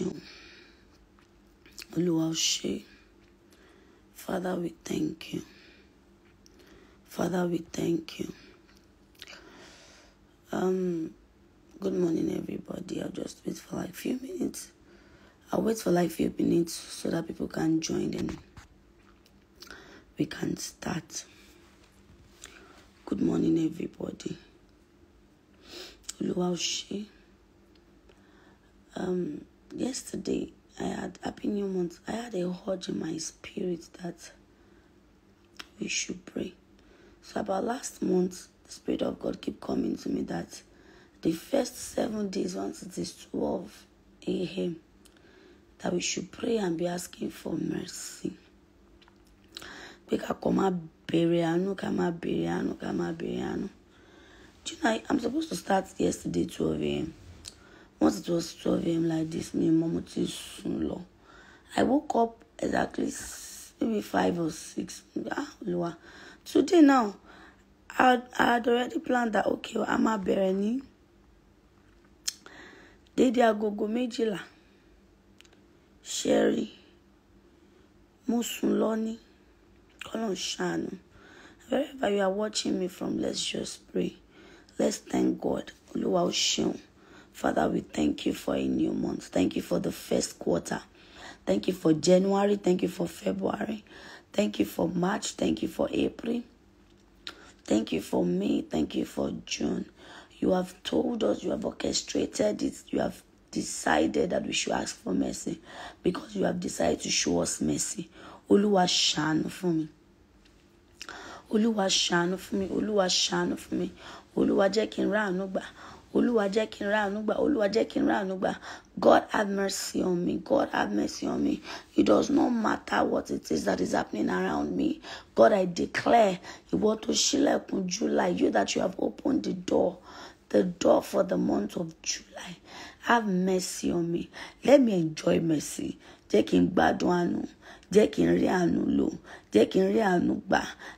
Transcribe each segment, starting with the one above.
you. Oluwaoshe. Father, we thank you. Father, we thank you. Um, good morning, everybody. I'll just wait for like a few minutes. I'll wait for like a few minutes so that people can join and we can start. Good morning, everybody. Oluwaoshe. Um, yesterday I had Happy New Month. I had a urge in my spirit that we should pray. So about last month, the Spirit of God kept coming to me that the first seven days, once it is 12 a.m., that we should pray and be asking for mercy. Do you know, I'm supposed to start yesterday 12 a.m. Once it was 12 a.m. like this, me and Mama too soon long. I woke up exactly maybe five or six. Ah, lower. Today now, I, I had already planned that, okay, well, I'm a bereni. Dédé agogo méjìlá. Sherry. Mo sùn Colon ní. Kọ́lọ́n Wherever you are watching me from, let's just pray. Let's thank God. Olúwa ó Father, we thank you for a new month. Thank you for the first quarter. Thank you for January. Thank you for February. Thank you for March. Thank you for April. Thank you for May. Thank you for June. You have told us, you have orchestrated it, you have decided that we should ask for mercy because you have decided to show us mercy. Uluwa ṣàánú fún mi. Uluwa ṣàánú fún mi. Olúwa Olúwa jẹ́ gbà. Olúwa jẹ́ gbà. God have mercy on me. God have mercy on me. It does not matter what it is that is happening around me. God, I declare, ìwọ tó ṣílẹ̀kùn July, you that you have opened the door, the door for the month of July. Have mercy on me. Let me enjoy mercy. Jẹ́ kí gbádùn let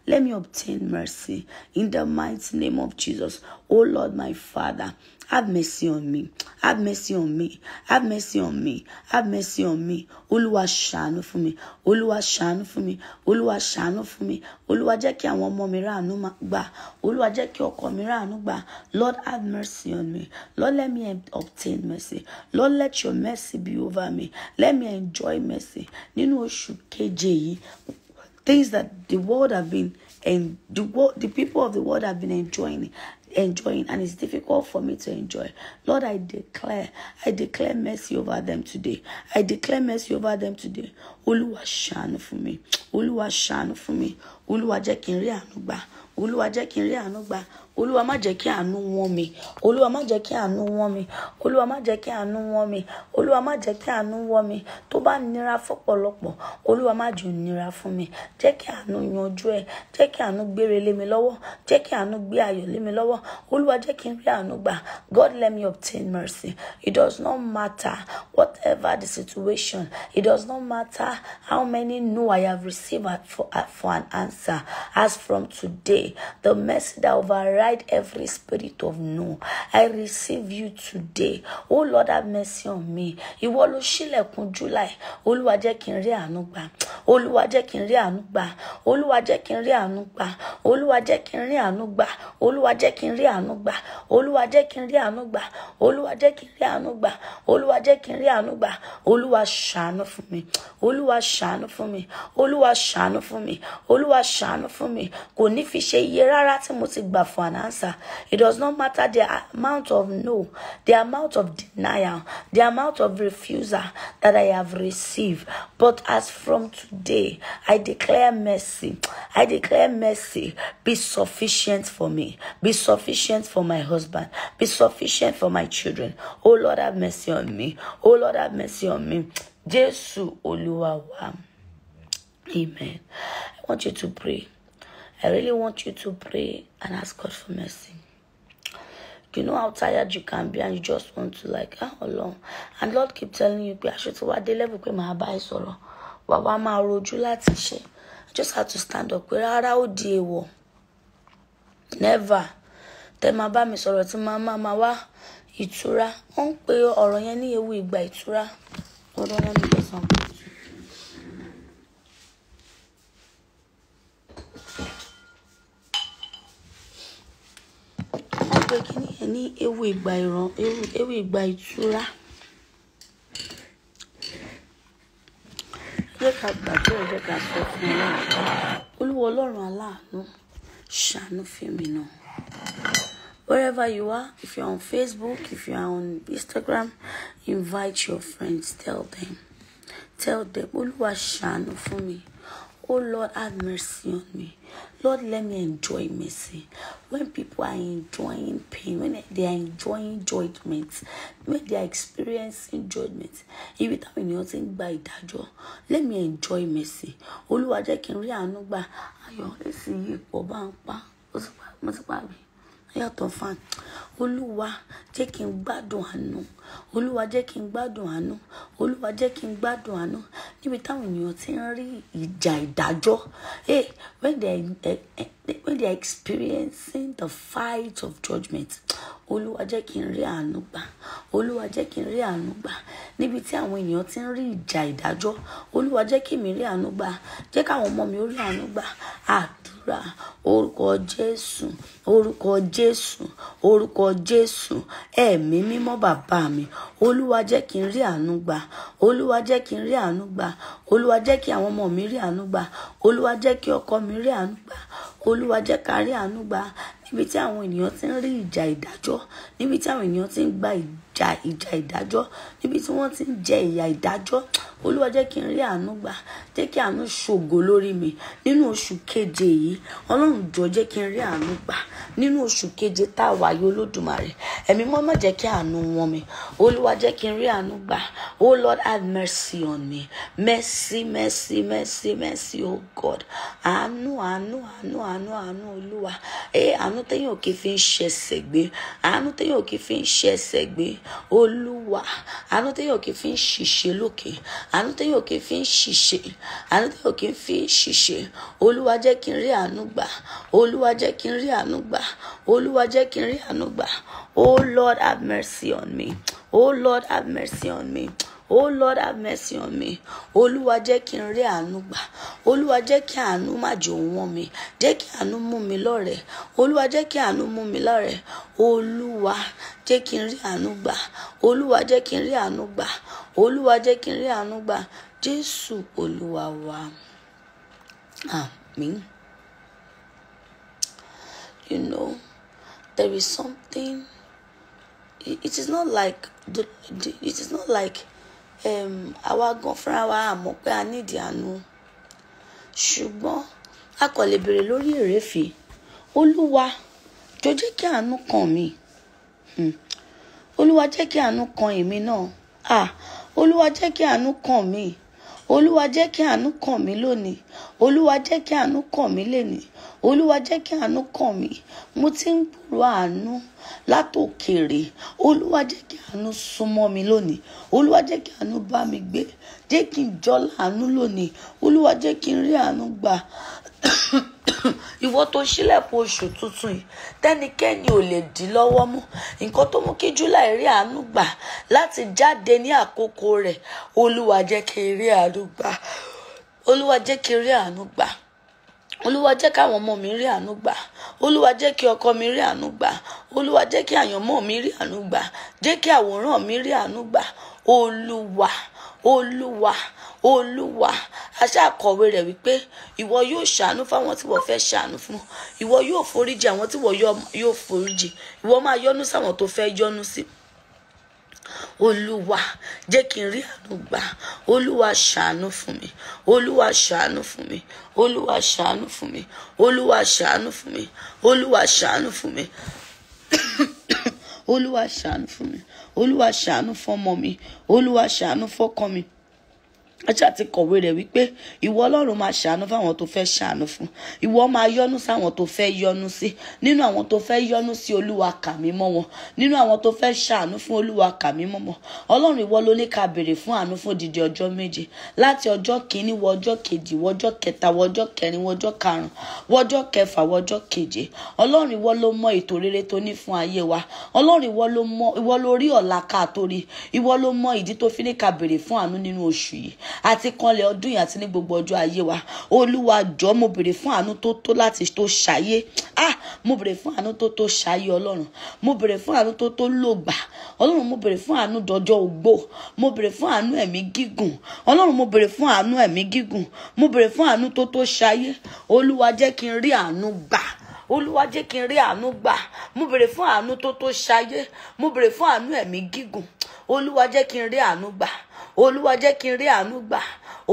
me obtain mercy in the mighty name of Jesus o oh Lord my Father have mercy on me have mercy on me have mercy on me have mercy on me Oluwa ṣàánú fún mi Oluwa ṣàánú fún mi Oluwa ṣàánú fún mi Oluwa jẹ́ kí àwọn ọmọ mi ráàánú gbà olúwa jẹ́ kí ọkọ mi ráàánú gbà lord have mercy on me lord let me obtain mercy lord let your mercy be over me let me enjoy mercy nínú oṣù keje yìí things that the world have been and the world the people of the world have been enjoying enjoying and it's difficult for me to enjoy. Lord, I declare, I declare mercy over them today. I declare mercy over them today. Uluwa ṣàánú for me. Uluwa ṣàánú for me. Uluwa jẹ́ kí n rí àánú gbà. Olúwa olúwa má jẹ́ kí àánú wọ́n mi olúwa má jẹ́ kí àánú wọ́n mi olúwa má jẹ́ kí àánú wọ́n mi olúwa má jẹ́ kí àánú wọ́n mi tó bá nira fọ́pọ̀lọpọ̀ olúwa má jù nira fún mi jẹ́ kí àánú yanjú ẹ̀ jẹ́ kí àánú gbére lé mi lọ́wọ́ jẹ́ kí àánú gbé ayọ̀ lé mi lọ́wọ́ olúwa jẹ́ kí n rí àánú gbà God let me obtain mercy it does not matter whatever the situation it does not matter how many no I have received for, for an answer as from today the mercy that overrides override every spirit of no. I receive you today. Oh Lord, have mercy on me. Ìwọ ló ṣílẹ̀kùn July. Oluwa jẹ́ kí n rí àánú Oluwa Olúwa jẹ́ kí n rí Oluwa gbà. Olúwa jẹ́ kí n Oluwa àánú gbà. Olúwa jẹ́ kí n rí àánú gbà. Olúwa jẹ́ kí n rí àánú gbà. Olúwa jẹ́ kí n rí àánú gbà. Olúwa jẹ́ kí n rí àánú gbà. Olúwa jẹ́ mi. Olúwa ṣàánú fún mi. Olúwa ṣàánú fún mi. Olúwa ṣàánú fún mi. Kò ní fi ṣe iye rárá tí mo ti gbà fún an answer. It does not matter the amount of no, the amount of denial, the amount of refusal that I have received. But as from today, I declare mercy. I declare mercy. Be sufficient for me. Be sufficient for my husband. Be sufficient for my children. Oh Lord, have mercy on me. Oh Lord, have mercy on me. Jesus Oluwa, Amen. I want you to pray. I really want you to pray and ask God for mercy. You know how tired you can be and you just want to like, ah, oh, Lord. And Lord keep telling you, pé àṣetì wá dé level pé màá bá ẹ sọ̀rọ̀. Wà wá máa rojú láti ṣe. I just had to stand up pé rárá ó di èèwọ̀. Never. Tẹ́ máa bá mi sọ̀rọ̀ tí mama máa máa wá ìtura. Wọ́n ń pe ọ̀rọ̀ yẹn ní ewu ìgbà ìtura. Hold on, let me get some. pé kíní ẹ̀ ní ewé ìgbà ìràn ewé ìgbà ìtura. jẹ́ ká gbàdúrà jẹ́ ká sọ fún ọlọ́run olúwa ọlọ́run aláàánú ṣàánú fèmí náà. Wherever you are, if you're on Facebook, if you're on Instagram, invite your friends, tell them. Tell them, Olúwa ṣàánú fún mi. Oh Lord, have mercy on me. Lord, let me enjoy mercy when people are enjoying pain, when they are enjoying judgment, when they are experiencing judgment, even though ènìyàn not ń gba ìdájọ́ let me enjoy mercy olúwa jẹ́ kí n rí àánú gbà ayọ̀ èsì yìí pọ̀ bá ń pa yàtọ̀ fan olúwa jẹ́ kí n gbádùn àánú olúwa jẹ́ kí n gbádùn àánú olúwa jẹ́ kí n gbádùn àánú níbi táwọn ènìyàn ti ń rí ìjà ìdájọ́ hey eh, when they eh, eh, when they are experiencing the fight of judgment olúwa jẹ́ kí n rí àánú gbà olúwa jẹ́ kí n rí àánú gbà níbi tí àwọn ènìyàn ti ń rí ìjà ìdájọ́ olúwa jẹ́ kí mi rí àánú gbà jẹ́ káwọn ọmọ mi ó rí àánú gbà àpè. Ah, gbàdúrà orúkọ jésù orúkọ jésù orúkọ jésù ẹ̀mí mímọ́ bàbá mi olúwa jẹ́ kí n rí àánú gbà olúwa jẹ́ kí n rí àánú gbà olúwa jẹ́ kí àwọn ọmọ mi rí àánú gbà olúwa jẹ́ kí ọkọ mi rí àánú gbà olúwa jẹ́ ká rí àánú gbà níbi tí àwọn ènìyàn ti ń rí ìjà ìdájọ́ níbi tí àwọn ènìyàn ti ń gba ìgbà ja ìjà ìdájọ́ níbi tí wọ́n ti ń jẹ ìyà ìdájọ́ olúwa jẹ́ kí n rí àánú gbà jẹ́ kí àánú ṣògo lórí mi nínú oṣù keje yìí ọlọ́run jọ jẹ́ kí n rí àánú gbà nínú oṣù keje tá a wáyé olódùmarè ẹ̀mí mọ́ má jẹ́ kí àánú wọn mi olúwa jẹ́ kí n rí àánú gbà oh lord have mercy on me mercy mercy mercy mercy oh god àánú àánú àánú àánú àánú olúwa ẹ àánú téèyàn kì í fi ń ṣẹ̀ṣẹ̀ gbé àánú téèyàn kì í fi ń ṣẹ̀ṣẹ̀ gbé olúwa àánú téèyàn kì í fi ń ṣiṣẹ́ lókè àánú téèyàn kì í fi ń ṣiṣẹ́ àánú téèyàn kì í fi ń ṣiṣẹ́ olúwa jẹ́ kí n rí àánú gbà olúwa jẹ́ kí n rí àánú gbà olúwa jẹ́ kí n rí àánú gbà oh lord have mercy on me oh lord have mercy on me. Oh Lord have mercy on me. Olúwa jẹ́ kí n rí àánú gbà. Olúwa jẹ́ kí àánú má jò wọ́n mi. Jẹ́ kí àánú mú mi lọ́rẹ̀. Olúwa jẹ́ kí àánú mú mi lọ́rẹ̀. Olúwa jẹ́ kí n rí àánú gbà. Olúwa jẹ́ kí n rí àánú gbà. Olúwa jẹ́ kí n rí àánú gbà. Jésù Olúwa wa. Àmín. You know, there is something. It, it is not like the, the. It is not like àwa gan fúnra wa àmọ́ pé a nídìí àánú ṣùgbọ́n a kò lè béèrè lórí èrèfé olúwa jọ jẹ́ kí àánú kàn mí hmm. olúwa jẹ́ kí àánú kàn èmi náà ah, olúwa jẹ́ kí àánú kàn mí. Hmm olúwa jẹ́ kí àánú kàn mí lónìí olúwa jẹ́ kí àánú kàn mí lénìí olúwa jẹ́ kí àánú kàn mí mo ti ń gbúrò àánú látòkèrè olúwa jẹ́ kí àánú súnmọ́ mi lónìí olúwa jẹ́ kí àánú bá mi gbé jẹ́ kí n jọ láàánú lónìí olúwa jẹ́ kí n rí àánú gbà ìwọ tó ṣílẹ̀kùn oṣù tuntun yìí tẹ́nikẹ́ni ò lè dí lọ́wọ́ mú nǹkan tó mú kí July rí àánú gbà láti jáde ní àkókò rẹ̀ olúwa jẹ́ kí n rí àánú gbà olúwa jẹ́ kí n rí àánú gbà olúwa jẹ́ káwọn ọmọ mi rí àánú gbà olúwa jẹ́ kí ọkọ mi rí àánú gbà olúwa jẹ́ kí àyànmọ́ mi rí àánú gbà jẹ́ kí àwòrán mi rí àánú gbà olúwa olúwa olúwa aṣáàkọ̀wé rẹ̀ wípé ìwọ yóò ṣàánú fáwọn tí wọ́n fẹ́ ṣàánú fún ìwọ yóò foríjì àwọn tí wọ́n yóò foríjì ìwọ máa yọ́nú sáwọn tó fẹ́ yọ́nú sí. Si olúwa jẹ́ kí n rí àánú gbà olúwa ṣàánú fún mi olúwa ṣàánú fún mi olúwa ṣàánú fún mi olúwa ṣàánú fún mi olúwa ṣàánú fún mi olúwa ṣàánú fún mi olúwa ṣàánú fún ọmọ mi olúwa ṣàánú fọ́kọ mi ẹṣẹ àti kọ̀wé rẹ̀ wípé ìwọ Ọlọ́run máa ṣàánú fáwọn tó fẹ́ ṣàánú fún ìwọ máa yọ́nú sáwọn tó fẹ́ yọ́nú sí nínú àwọn tó fẹ́ yọ́nú sí Olúwa kà mí mọ́ wọn nínú àwọn tó fẹ́ ṣàánú fún Olúwa kà mí mọ́ wọn Ọlọ́run ìwọ ló ní ká béèrè fún àánú fún odidi ọjọ́ méje láti ọjọ́ kìíní wọ ọjọ́ kejì wọ ọjọ́ kẹta wọ ọjọ́ kẹrin wọ ọjọ́ karùn wọ ọjọ́ kẹfà wọ ọjọ́ keje Ọlọ́run ìwọ ló mọ ètò rere tó ní fún ayé wa Ọlọ́run ìwọ àti kanlẹ̀ ọdún yìí àti ní gbogbo ọjọ́ ayé wa olúwa jọ mo bèrè fún àánú tó tó láti tó ṣàyé ah mo bèrè fún àánú tó tó ṣàyé ọlọ́run mo bèrè fún àánú tó tó lògbà ọlọ́run mo bèrè fún àánú dọjọ́ ogbó mo bèrè fún àánú ẹ̀mí gígùn ọlọ́run mo bèrè fún àánú ẹ̀mí gígùn mo bèrè fún àánú tó tó ṣàyé olúwa jẹ́ kí n rí àánú gbà olúwa jẹ́ kí n rí àánú gbà mo bèrè fún àánú tó tó ṣayé mo bèrè fún àánú ẹ̀mí gígùn olúwa jẹ́ kí n rí àánú gbà olúwa jẹ́ kí n rí àánú gbà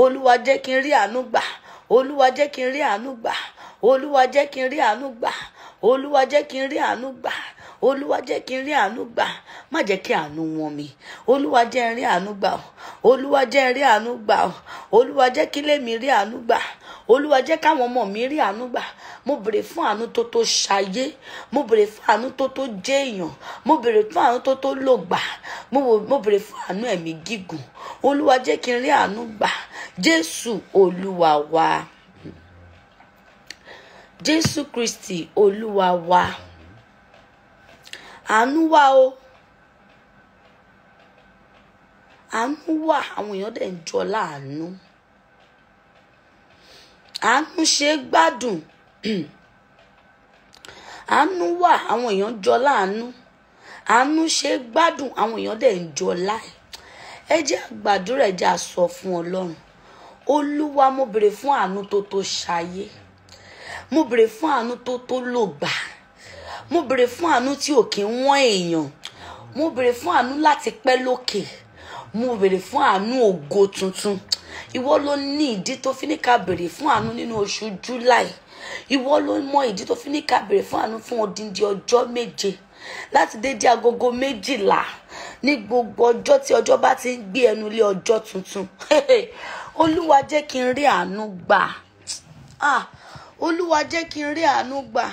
olúwa jẹ́ kí n rí àánú gbà olúwa jẹ́ kí n rí àánú gbà olúwa jẹ́ kí n rí àánú gbà olúwa jẹ́ kí n rí àánú gbà olúwa jẹ́ kí n rí àánú gbà má jẹ́ kí àánú wọn mi olúwa jẹ́ n rí àánú gbà ọ́ olúwa jẹ́ n rí àánú gbà ọ́ olúwa jẹ́ kílé mi rí àánú gbà olúwa jẹ́ káwọn ọmọ mi rí àánú gbà mo bèrè fún àánú tó tó ṣayé mo bèrè fún àánú tó tó jẹ́ èèyàn mo bèrè fún àánú tó tó lò gbà mo bèrè fún àánú ẹ̀mí gígùn olúwa jẹ́ kí n rí àánú gbà jésù olúwa wa jésù kristi olúwa wa àánú wá o àánú wà àwọn èèyàn dẹ̀ ń jọ láàánú àánú ṣe gbádùn àánú wà àwọn èèyàn jọ láàánú àánú ṣe gbádùn àwọn èèyàn dẹ̀ ń jọ láì ẹ jẹ́ àgbàdúrà ẹ jẹ́ àsọ fún ọlọ́run olúwa mo bèrè fún àánú tó tó ṣayé mo bèrè fún àánú tó tó lògbà mo bèrè fún àánú tí ò kí ń wọ́n èèyàn mo bèrè fún àánú láti pẹ́ lókè. Okay mo béèrè fún àánú ògo tuntun ìwọ ló ní ìdí tó fi ní ká béèrè fún àánú nínú oṣù July ìwọ ló mọ ìdí tó fi ní ká béèrè fún àánú fún odindi ọjọ́ méje láti dédé agogo méjìlá ní gbogbo ọjọ́ tí ọjọ́ bá ti ń gbé ẹnu lé ọjọ́ tuntun olúwa jẹ́ kí n rí àánú gbà ah olúwa jẹ́ kí n rí àánú gbà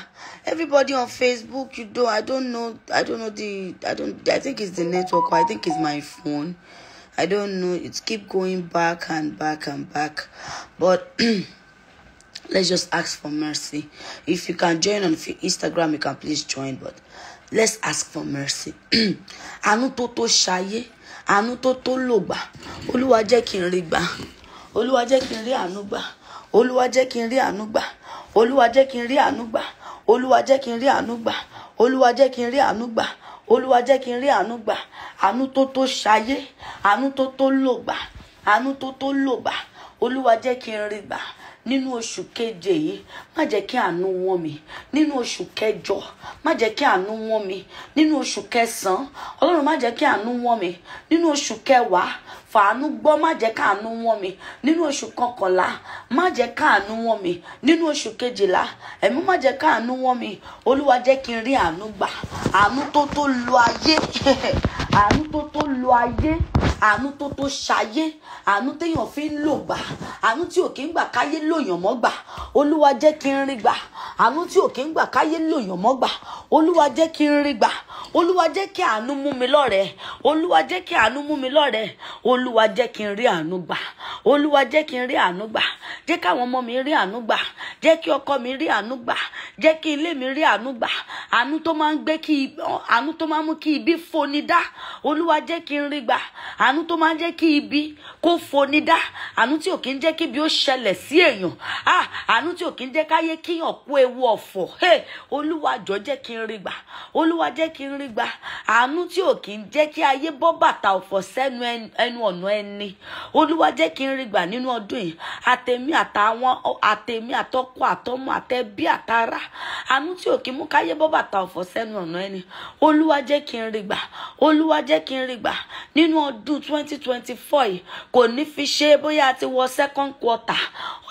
everybody on facebook you know i don't know i don't know the i don't i think it's the network or i think it's my phone. I don't know. It keep going back and back and back. But let's just ask for mercy. If you can join on Instagram, you can please join. But let's ask for mercy. Anu toto tó anu toto loba. Oluwa lò gbà. Oluwa jẹ́ kí n rí gbà. Olúwa jẹ́ kí n rí Anuba, Oluwa Olúwa jẹ́ kí n rí àánú gbà. Olúwa jẹ́ kí n olúwa jẹ́ kí n rí àánú gbà àánú tó tó ṣayé àánú tó tó lò àánú tó tó lò olúwa jẹ́ kí n rí gbà nínú oṣù keje yìí má jẹ́ kí àánú wọ́n mi nínú oṣù kẹjọ má jẹ́ kí àánú wọ́n mi nínú oṣù kẹsàn-án ọlọ́run má jẹ́ kí àánú wọ́n mi nínú oṣù kẹwàá fàánú gbọ́ má jẹ́ káàánú wọ́n mi nínú oṣù kọkànlá má jẹ́ káàánú wọ́n mi nínú oṣù kejìlá ẹ̀mí má jẹ́ káàánú wọ́n mi olúwa jẹ́ kí n rí àánú gbà àánú tó tó lu ayé àánú tó tó lo ayé àánú tó tó ṣayé àánú téèyàn fi ń lò gbà àánú tí ò kí ń gbà káyé lòyàn mọ́ gbà olúwa jẹ́ kí n rí gbà àánú tí ò kí ń gbà káyé lòyàn mọ́ gbà olúwa jẹ́ kí n rí gbà olúwa jẹ́ kí àánú mú mi lọ́rẹ̀ẹ́ olúwa jẹ́ kí àánú mú mi lọ́rẹ̀ẹ́ olúwa jẹ́ kí n rí àánú gbà olúwa jẹ́ kí n rí àánú gbà jẹ́ káwọn ọmọ mi rí àánú gbà jẹ́ kí ọkọ mi rí àánú gbà jẹ́ kí ilé mi rí àánú gbà àánú tó máa ń gbé kí àánú tó máa ń mú kí ibi foni dá olúwa jẹ́ kí n rí gbà àánú tó máa ń jẹ́ kí ibi kó foni dá àánú tí ò kí ń jẹ́ kí ibi ó ṣẹlẹ̀ sí èèyàn àánú tí ò kí ń jẹ́ káyé kíyàn kó ewu ọ̀fọ̀ olúwa jọ jẹ́ kí n rí gbà olúwa jẹ́ kí n rí rí gbà àánú tí ò kí ń jẹ́ kí ayé bọ́ bàtà ọ̀fọ̀ sẹ́nu ẹnu ọ̀nà ẹni olúwa jẹ́ kí n rí gbà nínú ọdún yìí àtẹ̀mí àtàwọn àtẹ̀mí àtọkọ àtọmọ àtẹbí àtara àánú tí ò kí mú káyé bọ́ bàtà ọ̀fọ̀ sẹ́nu ọ̀nà ẹni olúwa jẹ́ kí n rí gbà olúwa jẹ́ kí n rí gbà nínú ọdún twenty twenty four yìí kò ní fi ṣe bóyá ti wọ second quarter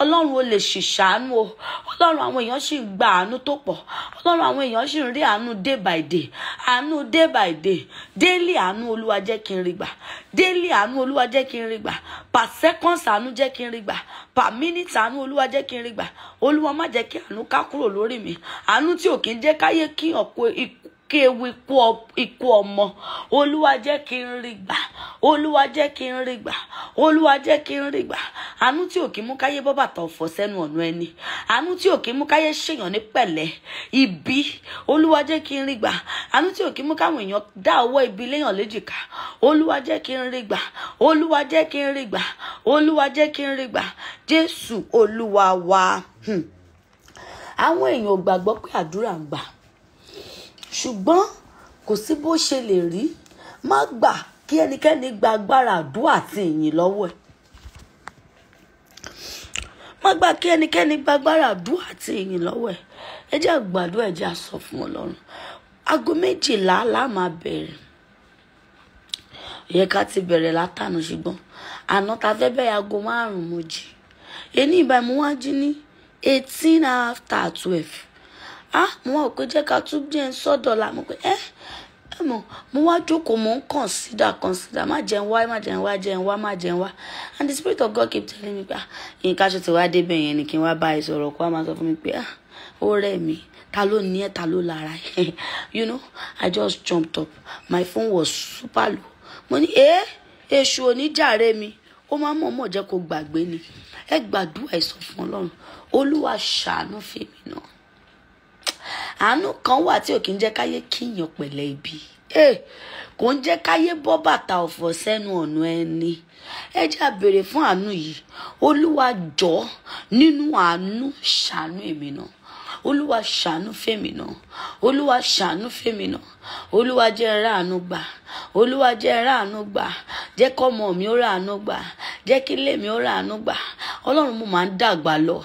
ọlọ́run ò lè ṣì ṣàánú o ọlọ́run àwọn èèyàn ṣì ń gba àánú tó pọ̀ ọlọ́run àwọn èèyàn ṣì ń rí àánú day by day à àánú day by day daily àánú olúwa jẹ́ kí n rí gbà daily àánú olúwa jẹ́ kí n rí gbà per seconds àánú jẹ́ kí n rí gbà per minute àánú olúwa jẹ́ kí n rí gbà olúwa má jẹ́ kí àánú ká kúrò lórí mi àánú tí ò kí ń jẹ́ káyé kí ọ̀pọ̀ ikú kí ewu ikú ọmọ olúwa jẹ́ kí n rí gbà olúwa jẹ́ kí n rí gbà olúwa jẹ́ kí n rí gbà àánú tí ò kí mú káyé bọ́ bàtà ọ̀fọ̀ sẹ́nu ọ̀nà ẹni àánú tí ò kí mú káyé ṣèyàn ní pẹ̀lẹ́ ibi olúwa jẹ́ kí n rí gbà àánú tí ò kí mú káwọn èèyàn dá ọwọ́ ibi léyàn léjìká olúwa jẹ́ kí n rí gbà olúwa jẹ́ kí n rí gbà olúwa jẹ́ kí n rí gbà jésù olúwa wa hmm. àwọn èèyàn ò gbàgbọ́ pé àdúrà ń ṣùgbọ́n kò sí bó ṣe lè rí má gbà kí ẹnikẹ́ni gba agbára àdúrà àti ìyìn lọ́wọ́ ẹ̀ má gbà kí ẹnikẹ́ni gba agbára àdúrà àti ìyìn lọ́wọ́ ẹ̀ ẹ jẹ́ àgbàdo ẹ jẹ́ àsọ fún ọlọ́run aago méjìlá la máa bẹ̀rẹ̀ yẹ ká ti bẹ̀rẹ̀ látànà ṣùgbọ́n àná ta fẹ́ bẹ̀rẹ̀ aago márùn-ún mo èyí ní ìbámu wá ní eighteen after twelve ah mo wá òkè jẹ́ ká tún jẹ́ ń sọ́dọ̀ la mo pé ẹ́ eh, ẹ mọ̀ mo wá jókòó mo ń consider consider má jẹun wá má jẹun wá jẹun wá má jẹun wá and the spirit of God keep telling me pé ah nǹkan aṣọ ti wá débẹ̀ yẹn ni kí n wá bá ẹ sọ̀rọ̀ kó wá máa sọ fún mi pé ah ó rẹ̀ mí ta ló ní ẹ̀ ta ló lára ẹ̀ you know I just jumped up my phone was super low mo ní ẹ eh, èṣù oníjàre mi ó máa ń mọ̀ọ́mọ̀ jẹ́ kó gbàgbé ni ẹ gbàdúrà ìsọfún Ọlọ́run Olúwa ṣàánú fèmí náà àánú kan wà tí ò kí ń jẹ́ káyé kíyàn pẹ̀lẹ́ ibi eh, kò ń jẹ́ káyé bọ́ bàtà ọ̀fọ̀ sẹ́nu ọ̀nà ẹni ẹ jẹ́ á béèrè fún àánú yìí olúwa jọ̀ọ́ nínú àánú ṣàánú èmi náà olúwa ṣàánú fèmí náà olúwa ṣàánú fèmí náà olúwa jẹ́ ráàánú gbà olúwa jẹ́ ráàánú gbà jẹ́ kọ́mọ mi ó ráàánú gbà jẹ́ kí ilé mi ó ráàánú gbà ọlọ́run mo máa ń dàgbà lọ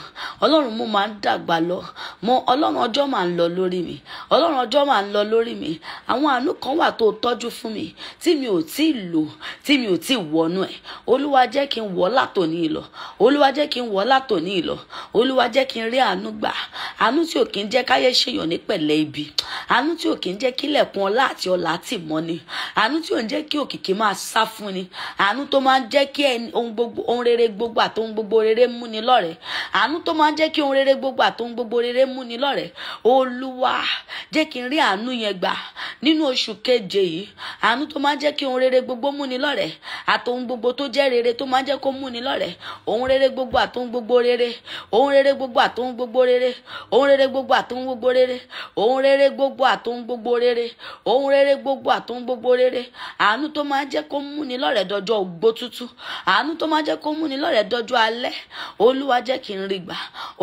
ọlọ́run mo máa ń dàgbà lọ mo ọlọ́run ọjọ́ máa ń lọ lórí mi ọlọ́run ọjọ́ máa ń lọ lórí mi àwọn àánú kan wà tó tọ́jú fún mi tí mi ò tí ì lò tí mi ò tí ì wọnú ẹ̀ olúwa jẹ́ kí n wọ́ látòní lọ olúwa jẹ́ kí n wọ́ látòní lọ olúwa jẹ́ kí n rí àánú gbà àánú tí ò kí ń jẹ́ káyé ṣèyàn ní pẹ̀lẹ́ ibi àánú tí ò kí ń jẹ́ kílẹ̀kùn ọlá àti ọlá tì mọ́ ni àánú tí ò ń jẹ́ kí òkìkí máa sá fún ni àánú tó máa ń jẹ́ kí ohun gbogbo ohun rere gbogbo àti ohun gbogbo rere mú ni lọ́rẹ̀ àánú tó máa ń jẹ́ kí ohun rere gbogbo àti ohun gbogbo rere mú ni lọ́rẹ̀ olúwa jẹ́ kí n rí àánú yẹn gbà nínú oṣù keje yìí àánú tó máa ń jẹ́ kí ohun rere gbogbo mú ni lọ́rẹ̀ àti ohun gbogbo tó jẹ́ rere tó máa ń jẹ́ kó mú ni lọ́rẹ̀ ohun rere gbogbo àti ohun gbogbo rere ohun rere gbogbo àti ohun gbogbo rere ohun rere gbogbo àtohun gbogbo rere ohun rere gbogbo àtohun gbogbo rere ohun rere gbogbo àtohun gbogbo rere àánú tó máa jẹ́ kó múni lọ́rẹ̀ dọjọ́ ògbó tútù àánú tó máa jẹ́ kó múni lọ́rẹ̀ dọjọ́ alẹ́ olúwa jẹ́ kí n rí gbà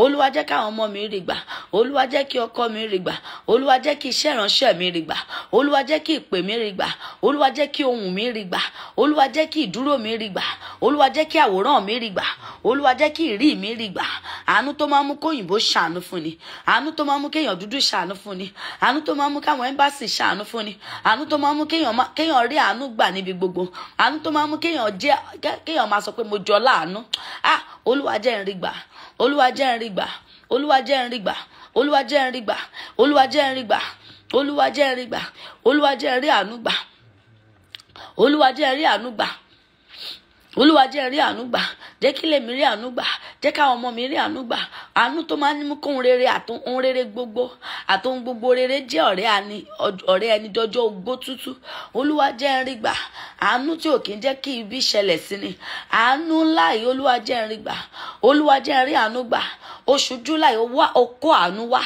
olúwa jẹ́ káwọn ọmọ mi rí gbà olúwa jẹ́ kí ọkọ mi rí gbà olúwa jẹ́ kí iṣẹ́ ìránṣẹ́ mi rí gbà olúwa jẹ́ kí ìpè mi rí gbà olúwa jẹ́ kí ohùn mi rí gbà olúwa jẹ́ kí ìdúró mi rí olúwa jẹ́ kí àwòrán mi rí olúwa jẹ́ kí ìrí mi rí àánú tó máa mú kóyìnbó ṣàánú fún ni àánú tó máa ń mú kéèyàn dúdú ṣàánú fún ni àánú tó máa ń mú káwọn ẹ́mbáàsì ṣàánú fún ni àánú tó máa ń mú kéèyàn rí àánú gbà níbi gbogbo àánú tó máa mú kéèyàn jẹ́ kéèyàn máa sọ pé mo jọ láàánú ah olúwa jẹ́ n rí gbà olúwa jẹ́ n rí gbà olúwa jẹ́ n rí gbà olúwa jẹ́ n rí gbà olúwa jẹ́ n rí gbà olúwa jẹ́ n rí gbà olúwa jẹ́ n rí àánú gbà olúwa jẹ́ n rí àánú gbà olúwa jẹ́ n rí àánú gbà jẹ́ kí lèmi rí àánú gbà jẹ́ káwọn ọmọ mi rí àánú gbà àánú tó máa ń mú kóhun rere àtòhun rere gbogbo àtòhun gbogbo rere jẹ́ ọ̀rẹ́ ẹni dọ́jọ́ ogbó tútù olúwa jẹ́ ń rí gbà àánú tí ò kí ń jẹ́ kí ibi ṣẹlẹ̀ sí ni àánú ńlá yìí gbà olúwa àánú gbà oṣù july wá okó àánú wá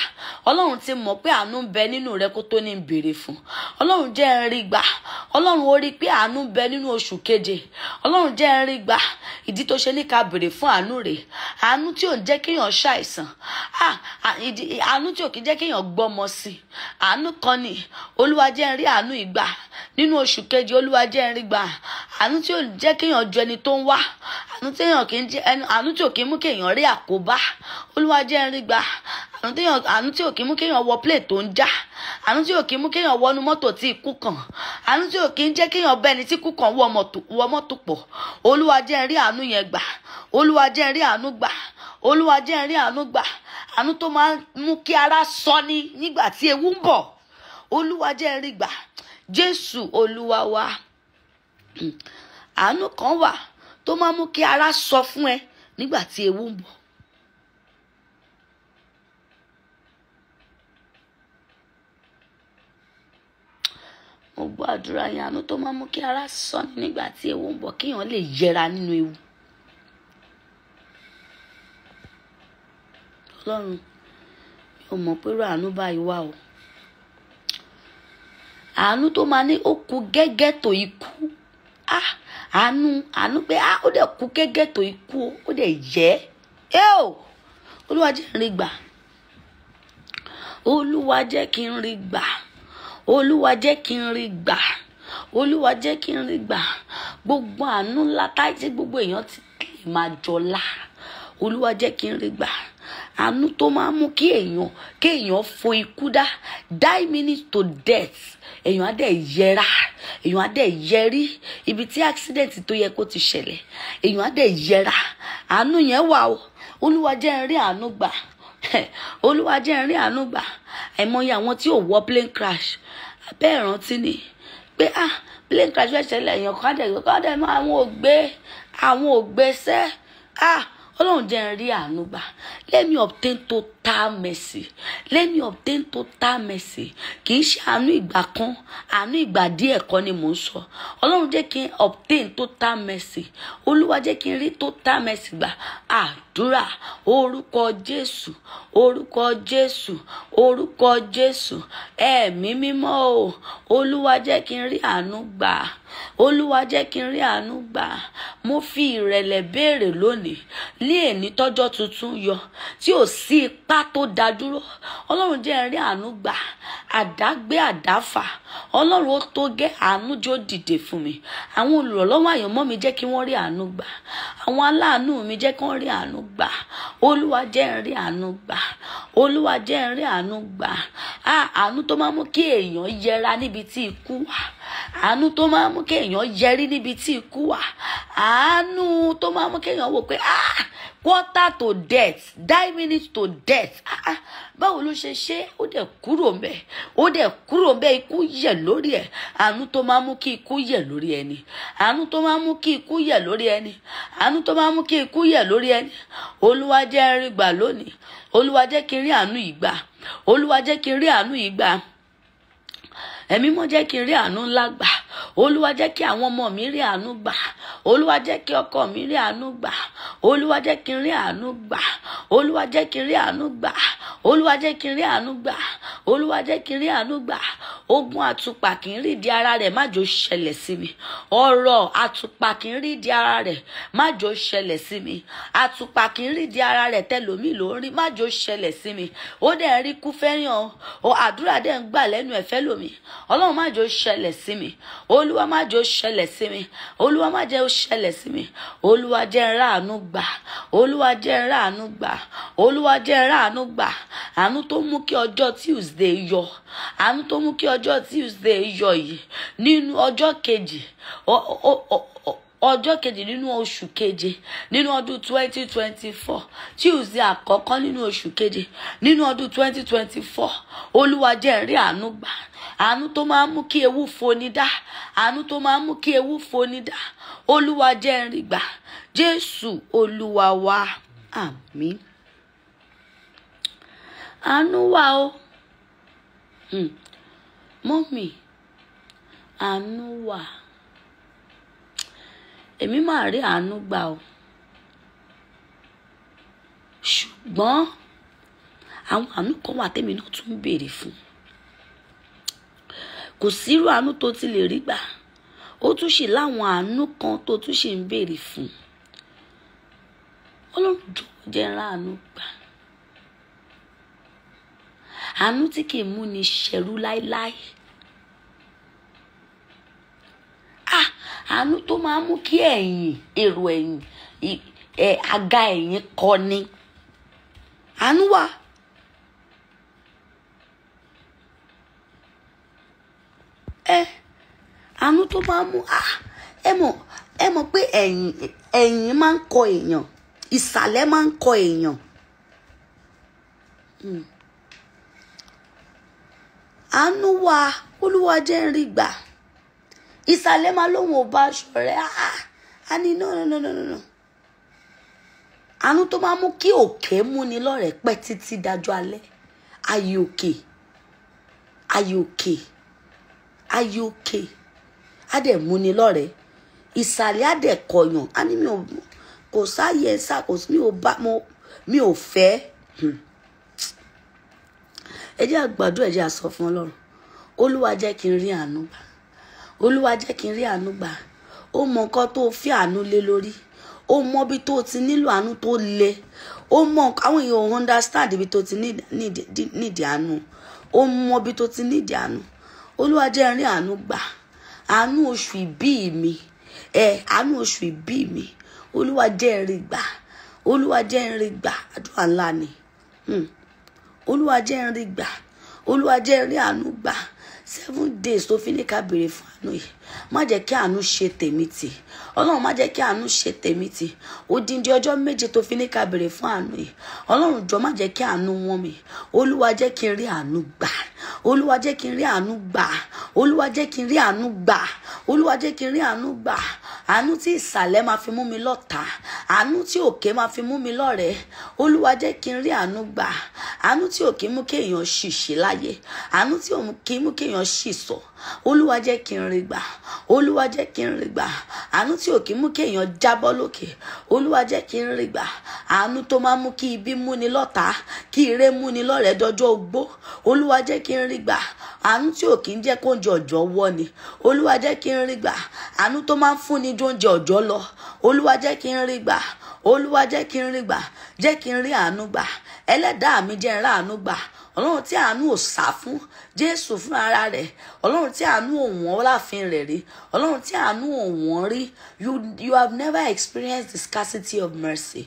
ọlọ́run ti mọ̀ pé àánú ń bẹ nínú rẹ kó tó ní béèrè fún ọlọ́run jẹ́ ń rí gbà ọlọ́run ó rí pé àánú ń bẹ nínú oṣù keje ọlọ́run jẹ́ ń rí gbà ìdí tó ṣe ní ní ká béèrè fún àánú rẹ̀ àánú tí ò ń jẹ́ kéèyàn ṣàìsàn àánú tí ò kí jẹ́ kéèyàn gbọ́mọ sí àánú kan ni olúwa jẹ́ ń rí àánú ìgbà nínú oṣù kejì olúwa jẹ́ ń rí gbà àánú tí ò ń jẹ́ kéèyàn ju ẹni tó ń wá àánú tí ò kí ń mú kéèyàn rí àkóbá olúwa jẹ́ n rí gbà àánú tí ò kí mú kéèyàn wọ plé tó ń já àánú tí ò kí mú kéèyàn wọnú mọ́tò tí ikú kàn àánú tí ò kí ń jẹ́ kéèyàn bẹ́ni tí ikú kàn wọ mọ́tò pọ̀ olúwa jẹ́ n rí àánú yẹn gbà olúwa jẹ́ n rí àánú gbà olúwa jẹ́ n rí àánú gbà àánú tó máa mú kí ara sọ ni nígbà tí ewu ń bọ̀ olúwa jẹ́ gbà jésù olúwa wa àánú kan wà tó máa mú kí ara sọ fún ẹ nígbà tí ewu ń bọ̀ mo gbọ́ àdúrà yẹn àánú tó máa mú kí ara sàn ní nígbà tí ewu ń bọ̀ kéèyàn lè yẹra nínú ewu. ọlọ́run mi mọ̀ pé irú àánú báyìí wà o àánú tó máa ní ó kú gẹ́gẹ́ tó ikú ah, àánú àánú pé ah, ó dẹ̀ kú gẹ́gẹ́ tó ikú ó dẹ̀ yẹ ẹ́ o olúwa jẹ́ kí n rí gbà olúwa jẹ́ kí n rí gbà olúwa jẹ́ kí n rí gbà olúwa jẹ́ kí n rí gbà gbogbo àánú ńlá táyé tí gbogbo èèyàn ti lè máa jọlá olúwa jẹ́ kí n rí gbà àánú tó máa ń mú kí èèyàn kí èèyàn fo ikú dá die minutes to death èèyàn á dẹ̀ yẹra èèyàn á dẹ̀ yẹrí ibi tí accident tó yẹ kó ti ṣẹlẹ̀ èèyàn á dẹ̀ yẹra àánú yẹn wà o olúwa jẹ́ n rí àánú gbà olúwa jẹ́ n rí àánú gbà àìmọye àwọn tí ò wọ plane crash abẹ́ ìrántí ni pé ah plane crash fẹ́ ṣẹlẹ̀ èèyàn kan dẹ̀ kan dẹ̀ mọ́ àwọn ògbé àwọn ògbésẹ́ ah ọlọ́run jẹ́ n rí àánú gbà let me obtain total total mercy let me obtain total mercy kì í ṣe àánú ìgbà kan àánú ìgbà díẹ̀ kan ni mò ń sọ ọlọ́run jẹ́ kí n obtain total mercy olúwa jẹ́ kí n rí total mercy gbà àdúrà orúkọ jésù orúkọ jésù orúkọ jésù ẹ̀mí mímọ́ o olúwa jẹ́ kí n rí àánú gbà olúwa jẹ́ kí n rí àánú gbà mo fi ìrẹ̀lẹ̀ béèrè lónìí ní èní tọ́jọ́ tuntun yọ tí ò sí ipa ká tó dá dúró ọlọ́run jẹ́ ẹ̀rí àánú gbà àdágbé àdáfà ọlọ́run ó tó gẹ́ àánú jó dìde fún mi àwọn olùrànlọ́wọ́ àyànmọ́ mi jẹ́ kí wọ́n rí àánú gbà àwọn aláàánú mi jẹ́ kí wọ́n rí àánú gbà olúwa jẹ́ ẹ̀rí àánú gbà olúwa jẹ́ ẹ̀rí àánú gbà àánú tó máa mú kí èèyàn yẹra níbi tí ikú wà àánú tó máa mú kí èèyàn yẹrí níbi tí ikú wà àánú tó máa mú kí èèyàn wò pé ah, quarter to death die minutes to death ah ah báwo ló ṣe ṣe ó dẹ̀ kúrò mbẹ̀ ó dẹ̀ kúrò mbẹ̀ ikú yẹ̀ lórí ẹ̀ àánú tó máa mú kí ikú yẹ̀ lórí ẹni àánú tó máa mú kí ikú yẹ̀ lórí ẹni àánú tó máa mú kí ikú yẹ̀ lórí ẹni olúwa jẹ́ lónìí olúwa jẹ́ kí rí àánú yìí gbà olúwa jẹ́ rí àánú yìí gbà ẹ̀mí mọ́ jẹ́ kí rí àánú ńlá gbà olúwa jẹ́ kí àwọn ọmọ mi rí àánú gbà olúwa jẹ́ kí ọkọ mi rí àánú gbà olúwa jẹ́ kí n rí àánú gbà olúwa jẹ́ kí n rí àánú gbà olúwa jẹ́ kí n rí àánú gbà olúwa jẹ́ kí n rí àánú gbà ogun àtùpà kì í rí di ara rẹ̀ má jò ṣẹlẹ̀ sí mi ọ̀rọ̀ àtùpà kì í rí di ara rẹ̀ má jò ṣẹlẹ̀ sí mi àtùpà kì í rí di ara rẹ̀ tẹlomi ló ń rí má jò ṣẹlẹ̀ sí mi ó dẹ̀ rí kú fẹ́ràn o àdúrà dẹ̀ ń gbà lẹ́nu ẹ̀fẹ́ lomi ọlọ́run má jò ṣẹlẹ̀ sí mi olúwa má jẹ́ ó ṣẹlẹ̀ sí mi olúwa má jẹ́ ó ṣẹlẹ̀ sí mi olúwa jẹ́ ń ráàánú gbà olúwa jẹ́ ń ráàánú gbà olúwa jẹ́ ń ráàánú gbà àánú tó mú kí ọjọ́ tuesday yọ àánú tó mú kí ọjọ́ tuesday yọ yìí nínú ọjọ́ kejì ọjọ́ kejì nínú oṣù keje nínú ọdún twenty twenty four tuesday àkọ́kọ́ nínú oṣù keje nínú ọdún twenty twenty four olúwa jẹ́ rí àánú gbà àánú tó máa ń mú kí ewu foni dá àánú tó máa ń mú kí ewu foni dá olúwa rí gbà jésù olúwa wa àánú wà o hmm. mọ́mì àánú wà èmi máa rí àánú gbà o ṣùgbọ́n àwọn àánú kan wà tẹ́mi náà tún ń béèrè fún kò sírú àánú tó ti lè rí gbà ó tún ṣe láwọn àánú kan tó tún ṣe ń béèrè fún ọlọ́run jọ̀wọ́ jẹ́ ń ráàánú gbà àánú tí kì í mú ni ṣẹ̀rú láéláé. àánú tó máa mú kí ẹ̀yìn èrò ẹ̀yìn àga ẹ̀yìn kọ ni àánú wà. ẹ àánú tó máa mú ẹ mọ̀ ẹ mọ pé ẹ̀yìn ẹ̀yìn máa ń kọ èèyàn ìsàlẹ máa ń kọ èèyàn. àánú hmm. wa olúwa jẹ́ ń rí gbà. ìsàlẹ̀ máa lóun ò bá aṣọ rẹ̀ á ah, ah. ní no no no no no. àánú tó máa mú kí òkè múni lọ́rẹ̀ẹ́ pẹ́ títí dájọ́ alẹ́ ayé òkè ayé òkè ayé òkè á dẹ̀ múni lọ́rẹ̀ẹ́ ìsàlẹ̀ á dẹ̀ kọyàn á ní mi ò kò sáàyè sá kò sí mi ò bá mo mi ò fẹ́ hmm. ẹ jẹ́ àgbàdo ẹ jẹ́ àsọ fún ọlọ́run olúwa jẹ́ kí n rí àánú gbà olúwa jẹ́ kí n rí àánú gbà ó mọ nǹkan tó fi àánú lé lórí ó mọ bí tó ti nílò àánú tó le ó mọ àwọn èèyàn ò understand ibi tó ti nídìí àánú ó mọ bí tó ti nídìí àánú olúwa jẹ́ n rí àánú gbà àánú oṣù ìbí mi ẹ àánú oṣù ìbí mi olúwa jẹ́ n rí gbà olúwa jẹ́ n rí gbà àdúrà ńlá ni hmm. olúwa jẹ́ rí gbà olúwa jẹ́ rí àánú gbà seven days tó fi ní ká béèrè fún má jẹ́ kí àánú ṣe tèmi tì ọlọ́run má jẹ́ kí àánú ṣe tèmi tì odindi ọjọ́ méje tó fi ní ká béèrè fún àánú yìí ọlọ́run jọ má jẹ́ kí àánú wọ́n mi olúwa jẹ́ kí n rí àánú gbà olúwa jẹ́ kí n rí àánú gbà olúwa jẹ́ kí n rí àánú gbà olúwa jẹ́ kí n rí àánú gbà àánú tí ìsàlẹ̀ máa fi mú mi lọ́ta àánú tí òkè máa fi mú mi lọ́rẹ̀ẹ́ olúwa jẹ́ kí n rí àánú gbà àánú tí òkè mú kéèyàn ṣìṣe láyé àánú tí òkè mú kéèyàn ṣìṣọ olúwa jẹ́ kí n rìn gbà olúwa jẹ́ kí n rìn gbà àánú tí ò kí mú kéèyàn jábọ́ lókè olúwa jẹ́ kí n rìn gbà àánú tó máa mú kí ibi múni lọ́ta kí ire múni lọ́rẹ̀ẹ́ dọjọ́ ogbó olúwa jẹ́ kí n rìn gbà àánú tí ò kí ń jẹ́ kóúnjẹ ọ̀jọ́ wọ́ ni olúwa jẹ́ kí n rìn gbà àánú tó máa ń fúnni dóúnjẹ ọ̀jọ́ lọ olúwa jẹ́ kí n rìn gbà olúwa jẹ́ kí n rí gbà jẹ́ kí n rí àánú gbà ẹlẹ́dàá mi jẹ́ n rí àánú gbà ọlọ́run tí àánú ò sá fún jésù fún ara rẹ̀ ọlọ́run tí àánú ò láàfin rẹ̀ rí ọlọ́run tí àánú ò rí you you have never experienced the scarcity of mercy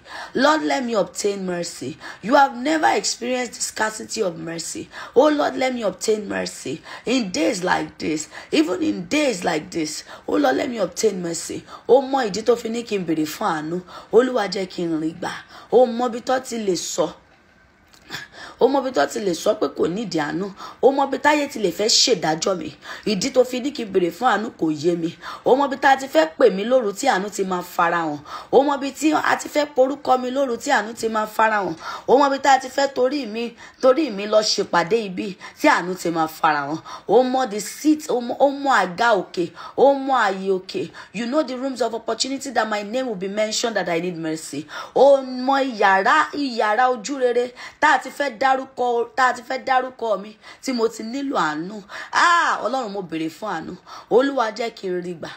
lord let me obtain mercy you have never experienced the scarcity of mercy oh lord let me obtain mercy in days like this even in days like this oh lord let me obtain mercy ó mọ ìdí tó fi ní kí n béèrè fún àánú olúwa jẹ́ kí n rí gbà ó mọ bí tó ti lè sọ. So ó mọ bí tó ti lè sọ pé kò nídìí àánú ó mọ bí táyé ti lè fẹ́ ṣèdájọ́ mi ìdí tó fi ní kí n béèrè fún àánú kò yé mi ó mọ bí tá a ti fẹ́ pè mí lóru tí àánú ti máa farahàn ó mọ bí tí a ti fẹ́ porúkọ mi lóru tí àánú ti máa farahàn ó mọ bí tá a ti fẹ́ torí mi torí mi lọ ṣèpàdé ibi tí àánú ti máa farahàn ó mọ the seat ó mọ àga òkè ó mọ ààyè òkè you know the rooms of opportunity that my name will be mentioned that I need mercy ó mọ ìyàrá ìyàrá ojú rere tá a ti fẹ́ d dárúkọ tá a ti fẹ́ dárúkọ mi tí mo ti nílò àánú ah ọlọ́run mo béèrè fún àánú olúwa jẹ́ kí n rí gbà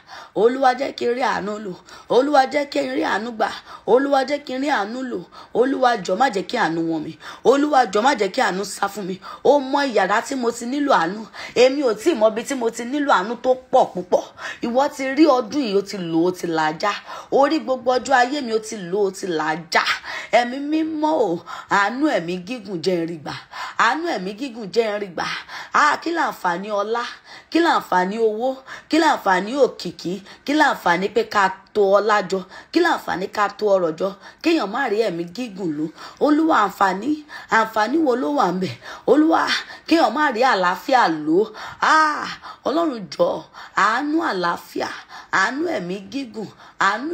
olúwa jẹ́ kí n rí àánú lò olúwa jẹ́ kí n rí àánú gbà olúwa jẹ́ kí n rí àánú lò olúwa jọ má jẹ́ kí àánú wọn mi olúwa jọ má jẹ́ kí àánú sá fún mi ó mọ ìyàrá tí mo ti nílò àánú èmi ò tí ì mọ ibi tí mo ti nílò àánú tó pọ̀ púpọ̀ ìwọ ti rí ọdún yìí ó ti lò ó ti làájá orí gbogbo ọjọ́ ayé mi ó ti lò ó ti làájá ẹ̀mí mímọ́ ò àánú ẹ̀mí gígùn jẹ ń rí gbà àánú ẹ̀mí gígùn jẹ́ ń rí gbà á kí láǹfààní ọlá kí láǹfààní owó kí láǹfààní òkìkí kí láǹfààní pé ká tó ọlá jọ kí láǹfààní ká tó ọrọ̀ jọ kéèyàn má rí ẹ̀mí gígùn lò olúwa àǹfààní àǹfààní wo ló wà ń bẹ̀ olúwa kéèyàn má rí àlàáfíà lò ah jọ àánú àlàáfíà àánú ẹ̀mí gígùn àánú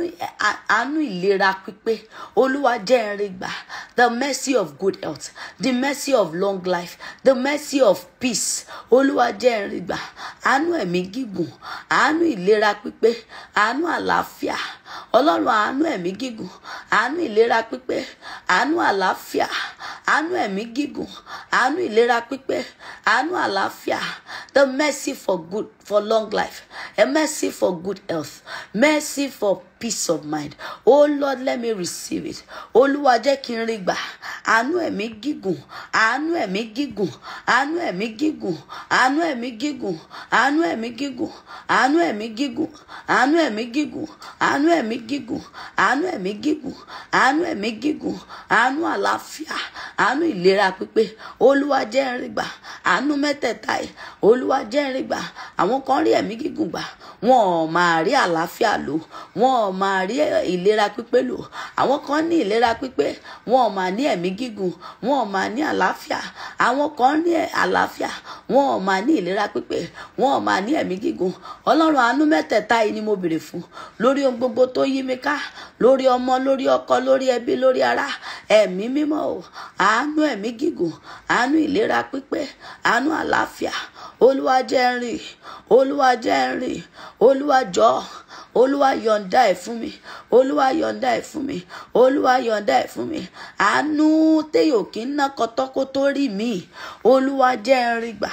àánú ìlera pípé olúwa jẹ́ n gbà the mercy of good health the mercy of long life the mercy of peace olúwa jẹ́ n gbà àánú ẹ̀mí gígùn àánú ìlera pípé àánú àlàáfíà. だ。ọlọ́run àánú ẹ̀mí gígùn àánú ìlera pípé àánú àlàáfíà àánú ẹ̀mí gígùn àánú ìlera pípé àánú àlàáfíà the mercy for good for long life a mercy for good health mercy for peace of mind oh lord let me receive it olúwa jẹ́ kí n rí gbà àánú ẹ̀mí gígùn àánú ẹ̀mí gígùn àánú ẹ̀mí gígùn àánú ẹ̀mí gígùn àánú ẹ̀mí gígùn àánú ẹ̀mí gígùn àánú ẹ̀mí gígùn àánú ẹ̀mí ẹ̀mí gígùn àánú ẹ̀mí gígùn àánú ẹ̀mí gígùn àánú àlàáfíà àánú ìlera pípé olúwa jẹ́ n rí gbà àánú mẹ́tẹ̀ẹ̀ta ẹ̀ olúwa jẹ́ n rí gbà àwọn kan rí ẹ̀mí gígùn gbà wọn ò máa rí àlàáfíà lò wọn ò máa rí ìlera pípé lò àwọn kan ní ìlera pípé wọn ò máa ní ẹ̀mí gígùn wọn ò máa ní àlàáfíà àwọn kan ní àlàáfíà wọn ò máa ní ìlera pípé wọn ò máa ní ẹ̀mí gígùn ọlọ́run àánú mẹ́tẹ̀ẹ̀ta yìí ni mo béèrè fún lórí ohun gbogbo ògo tó yí mi ká lórí ọmọ lórí ọkọ lórí ẹbí lórí ara ẹ̀mí mímọ́ o àánú ẹ̀mí gígùn àánú ìlera pípé àánú àlàáfíà olúwa jẹ́ n rí olúwa jẹ́ n rí olúwa jọ̀ọ́ olúwa yọ̀ǹda ẹ̀ fún mi olúwa yọ̀ǹda ẹ̀ fún mi olúwa yọ̀ǹda ẹ̀ fún mi àánú téyò kí ń ná kọtọ́kó tó rí mi olúwa jẹ́ n rí gbà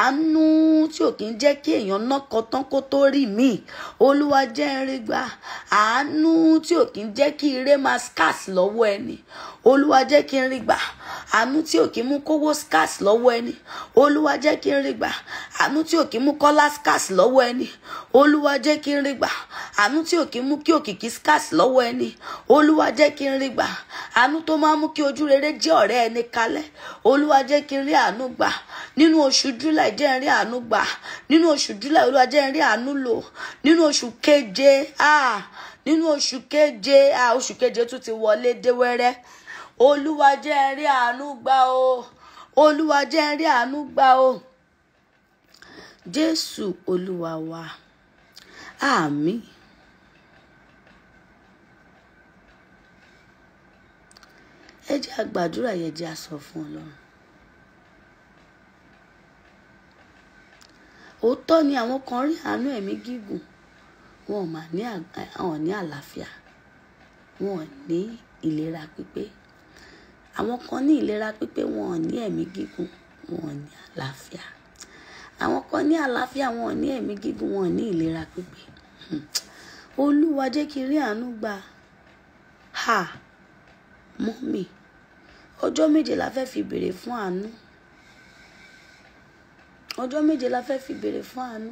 àánú tí ò kí ń jẹ́ kí èèyàn ná kọtọ́kó tó rí mi olúwa jẹ́ n rí gbà àánú tí ò kí ń jẹ́ kí ire máa scarce lọ́wọ́ ẹni olúwa jẹ́ kí n rí gbà àánú tí ò kí mú kówó scarce lọ́wọ́ ẹni olúwa jẹ́ kí n rí gbà àánú tí ò kí mú kọ́lá scarce lọ́wọ́ ẹni olúwa jẹ́ kí n rí gbà àánú tí ò kí mú kí òkìkí scarce lọ́wọ́ ẹni olúwa jẹ́ kí n rí gbà àánú tó máa mú kí ojú rere jẹ́ ọ̀rẹ́ ẹni kalẹ̀ olúwa jẹ́ kí n rí àánú gbà nínú oṣù july jẹ́ n rí àánú gbà nínú oṣù july olúwa jẹ́ n rí àánú lò nínú oṣù keje ah nínú oṣù keje ah oṣù keje tún ti wọlé dé wẹ́rẹ́ olúwa jẹ́ n rí àánú gbà o olúwa jẹ́ n rí àánú gbà o jésù olúwa wa àmín. ẹ jẹ́ àgbàdúrà yẹn jẹ́ àsọ fún ọlọ́run. òótọ́ ni àwọn kan rí àánú ẹ̀mí gígùn wọn ò ní àlàáfíà wọn ò ní ìlera pípé àwọn kan ní ìlera pípé wọn ò ní ẹ̀mí gígùn wọn ò ní àlàáfíà àwọn kan ní àlàáfíà wọn ò ní ẹ̀mí gígùn wọn ò ní ìlera pípé hmm. olúwa jẹ́ kí rí àánú gbà ha mọ́mì ọjọ́ méje la fẹ́ fi béèrè fún àánú ọjọ́ méje la fẹ́ fi béèrè fún àánú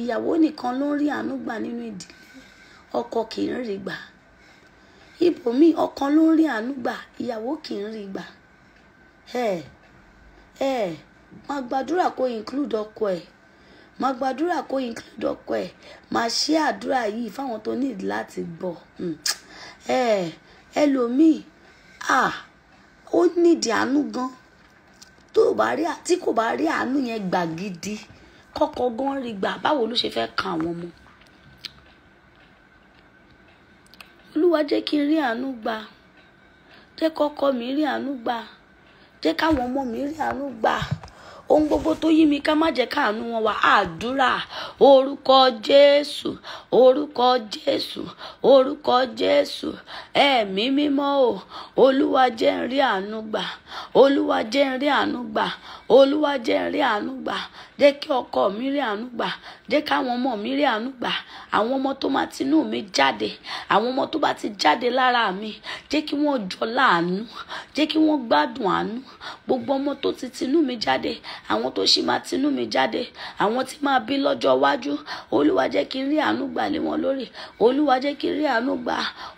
ìyàwó nìkan ló ń rí àánú gbà nínú ìdílé ọkọ kì í rí gbà ibòmíì ọ̀kan ló ń rí àánú gbà ìyàwó kì í rí gbà ẹ ẹ máa gbàdúrà kó include ọkọ ẹ máa gbàdúrà kó include ọkọ ẹ máa ṣe àdúrà yìí fáwọn tó need láti gbọ́ hmm. ẹ ẹlòmíì à ó need àánú gan tó bá rí tí kò bá rí àánú yẹn gbà gidi gan rí gbà báwo ló ṣe fẹ́ kan àwọn ọmọ olúwa jẹ́ kí n rí àánú gbà jẹ́ kọ́kọ́ mi rí àánú gbà jẹ́ káwọn ọmọ mi rí àánú gbà ohun gbogbo tó yí mi ká má jẹ́ káàánú wọn wá àdúrà orúkọ jésù orúkọ jésù orúkọ jésù ẹ̀mí mímọ́ o olúwa jẹ́ n rí àánú gbà olúwa jẹ́ anugba rí àánú gbà olúwa jẹ́ n rí àánú gbà jẹ́ kí ọkọ mi rí àánú gbà jẹ́ káwọn ọmọ mi rí àánú gbà àwọn ọmọ tó máa tinú mi jáde àwọn ọmọ tó bá ti jáde lára mi jẹ́ kí wọ́n jọ láàánú jẹ́ kí wọ́n gbádùn àánú gbogbo ọmọ tó ti tinú mi jáde àwọn tó sì máa tinú mi jáde àwọn tí máa bí lọ́jọ́ iwájú olúwa jẹ́ kí n rí àánú gbà lé wọn lórí olúwa jẹ́ kí n rí àánú gbà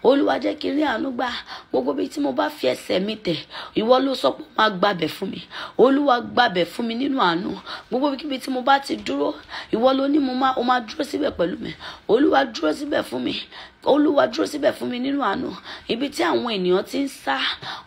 olúwa jẹ́ kí n rí àánú gbà gbogbo bíi tí mo bá fi ẹsẹ̀ mi tẹ̀ ìwọ ló sọ pé máa gbàbẹ̀ fún mi olúwa gbàbẹ̀ fún mi nínú àánú gbogbo bíi tí mo bá ti dúró ìwọ ló ní mo máa o máa dúró síbẹ̀ pẹ̀lú mi olúwa dúró síbẹ̀ fún mi olúwa dúró síbẹ̀ fún mi nínú àánú ibi tí àwọn ènìyàn ti ń sá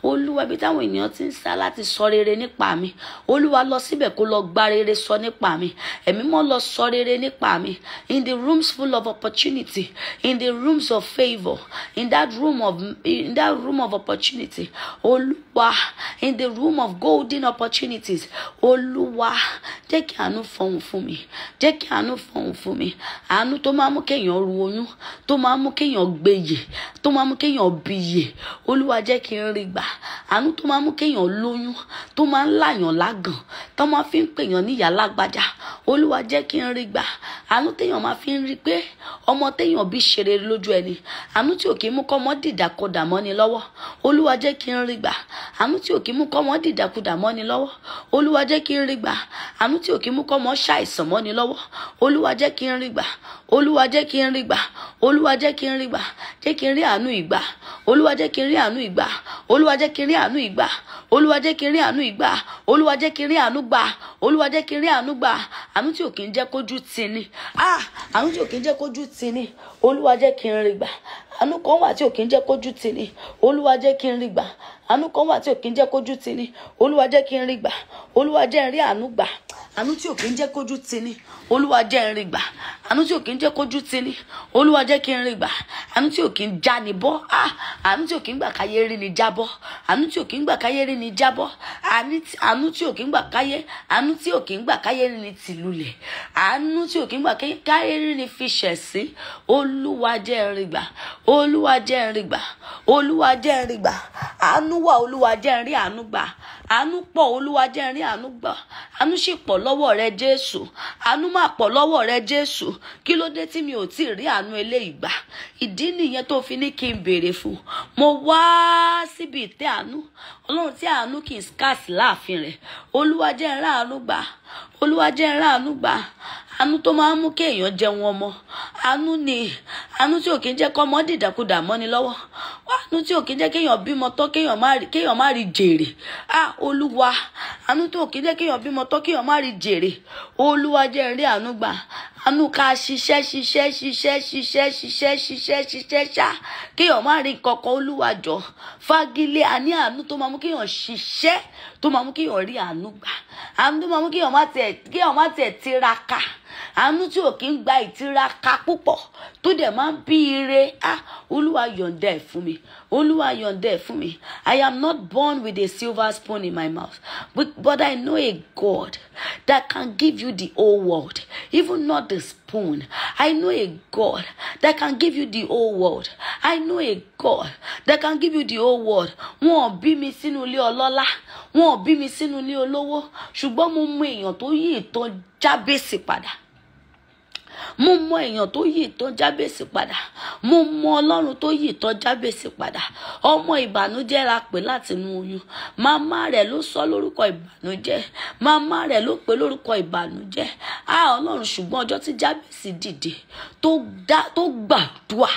olúwa ibi tí àwọn ènìyàn ti ń sá láti sọ rere nípa mi olúwa lọ síbẹ̀ kó lọ gba rere sọ nípa mi ẹ̀mí mọ́ lọ sọ rere nípa mi in the rooms full of opportunity in the rooms of favour in that room of in that room of opportunity olúwa in the room of golden opportunities olúwa jẹ́ kí àánú fọhùn fún mi jẹ́ kí àánú fọhùn fún mi àánú tó máa mú kéèyàn ru oyún tó máa mú kéèyàn kéèyàn gbèyè tó máa mú kéèyàn bìyè olúwa jẹ́ kí n rí gbà àánú tó máa mú kéèyàn lóyún tó máa ń láyàn lágàn tó máa fi ń pèyàn níyà lágbájá olúwa jẹ́ kí n rí gbà àánú téèyàn máa fi ń rí pé ọmọ téèyàn bí ṣe rere lójú ẹni àánú tí ò kí mú kọ́mọ dìdàkudà mọ́ni lọ́wọ́ olúwa jẹ́ kí n rí gbà àánú tí ò kí mú kọ́mọ dìdàkudà mọ́ni lọ́wọ́ olúwa jẹ́ kí n rí gbà àánú tí ò kí mú kọ́mọ ṣàìsàn mọ́ni lọ́wọ́ olúwa jẹ́ kí n rí gbà olúwa jẹ́ kí n rí gbà olúwa jẹ́ kí n rí gbà jẹ́ kí n rí àánú ìgbà olúwa jẹ́ kí n rí àánú ìgbà olúwa jẹ́ kí n rí àánú ìgbà olúwa jẹ́ kí n rí àánú ìgbà olúwa jẹ́ kí n rí àánú gbà olúwa jẹ́ kí n rí àánú gbà àánú tí ò ń jẹ́ kójú tini ah àánú tí ò kí ń jẹ́ kójú kójú tì ní olúwa jẹ́ kí n rí gbà àánú kan wà tí ò kí ń jẹ́ kójú tì ní olúwa jẹ́ kí n rí gbà àánú kan wà tí ò kí ń jẹ́ kójú tì ní olúwa jẹ́ kí n rí gbà olúwa jẹ́ n rí àánú gbà àánú tí òkè ń jẹ́ kójú tini olúwa jẹ́ ń rí gbà àánú tí òkè ń jẹ́ kójú tini olúwa jẹ́ kí n rí gbà àánú tí òkè ń já ni bọ́ àánú tí òkè ń gbà káyé rí ni jábọ́ àánú tí òkè ń gbà káyé rí ni jábọ́ àánú tí òkè ń gbà káyé àánú tí òkè ń gbà káyé rí ni tìlulẹ̀ àánú tí òkè ń gbà káyé rí ni fi ṣẹ̀ sí olúwa jẹ́ ń rí gbà olúwa jẹ́ ń rí gbà olúwa jẹ́ ń rí gbà àánú wà olúwa jẹ́ ń àánú gbà àánú pọ̀ olúwa jẹ́ ń àánú gbà àánú sì pọ̀ lọ́wọ́ rẹ Jésù àánú máa pọ̀ lọ́wọ́ rẹ Jésù kí ló dé tí mi ò tí ì rí àánú eléyìí gbà ìdí nìyẹn tó fi ní kí n béèrè fún mo wá síbi ìtẹ́ àánú Ọlọ́run tí àánú kì í scarce láàfin rẹ̀ Olúwa jẹ́ n àánú gbà Olúwa jẹ́ n àánú gbà àánú tó máa ń mú kéèyàn jẹun ọmọ àánú ni àánú tí ò kí ń jẹ́ kọ́mọ dìdàkudà mọ́ni lọ́wọ́ àánú tí ò kí ń jẹ́ kéèyàn bímọ tọ́ kéèyàn má rí jèrè á olúwa àánú tí ò kí ń jẹ́ kéèyàn bímọ tọ́ kéèyàn má rí jèrè olúwa jẹ́ rí àánú gbà àánú ká ṣiṣẹ́ ṣiṣẹ́ ṣiṣẹ́ ṣiṣẹ́ ṣiṣẹ́ ṣiṣẹ́ ṣiṣẹ́ ṣá kéèyàn má rí kankan olúwa jọ fagilé àní àánú tó máa mú kéèyàn ṣiṣẹ́ tó máa mú kéèyàn rí àánú gbà àánú tó máa mú kéèyàn má tiẹ̀ kéèyàn má tiẹ̀ tiraka àánú tí ò kí ń gba ìtiraka púpọ̀ tó dẹ̀ máa ń bí ire ah olúwa yọ̀ǹda ẹ̀ fún mi olúwa yọ̀ǹda ẹ̀ fún mi i am not born with a silver spoon in my mouth but, but i know a god that can give you the whole world even not the spoon i know a god that can give you the whole world i know a god that can give you the whole world wọn ò bí mi sínú ilé ọlọ́lá wọn ò bí mi sínú ilé olówó ṣùgbọ́n mo mọ èèyàn tó yí ìtàn jábèsì padà mo mọ èèyàn tó yí ìtàn jábèsì padà mo mọ ọlọ́run tó yí ìtàn jábèsì padà ọmọ ìbànújẹ́ la pè láti inú oyún màmá rẹ̀ ló sọ lórúkọ ìbànújẹ́ màmá rẹ̀ ló pè lórúkọ ìbànújẹ́ á ọlọ́run ṣùgbọ́n ọjọ́ tí jábèsì dìde tó gbàdúrà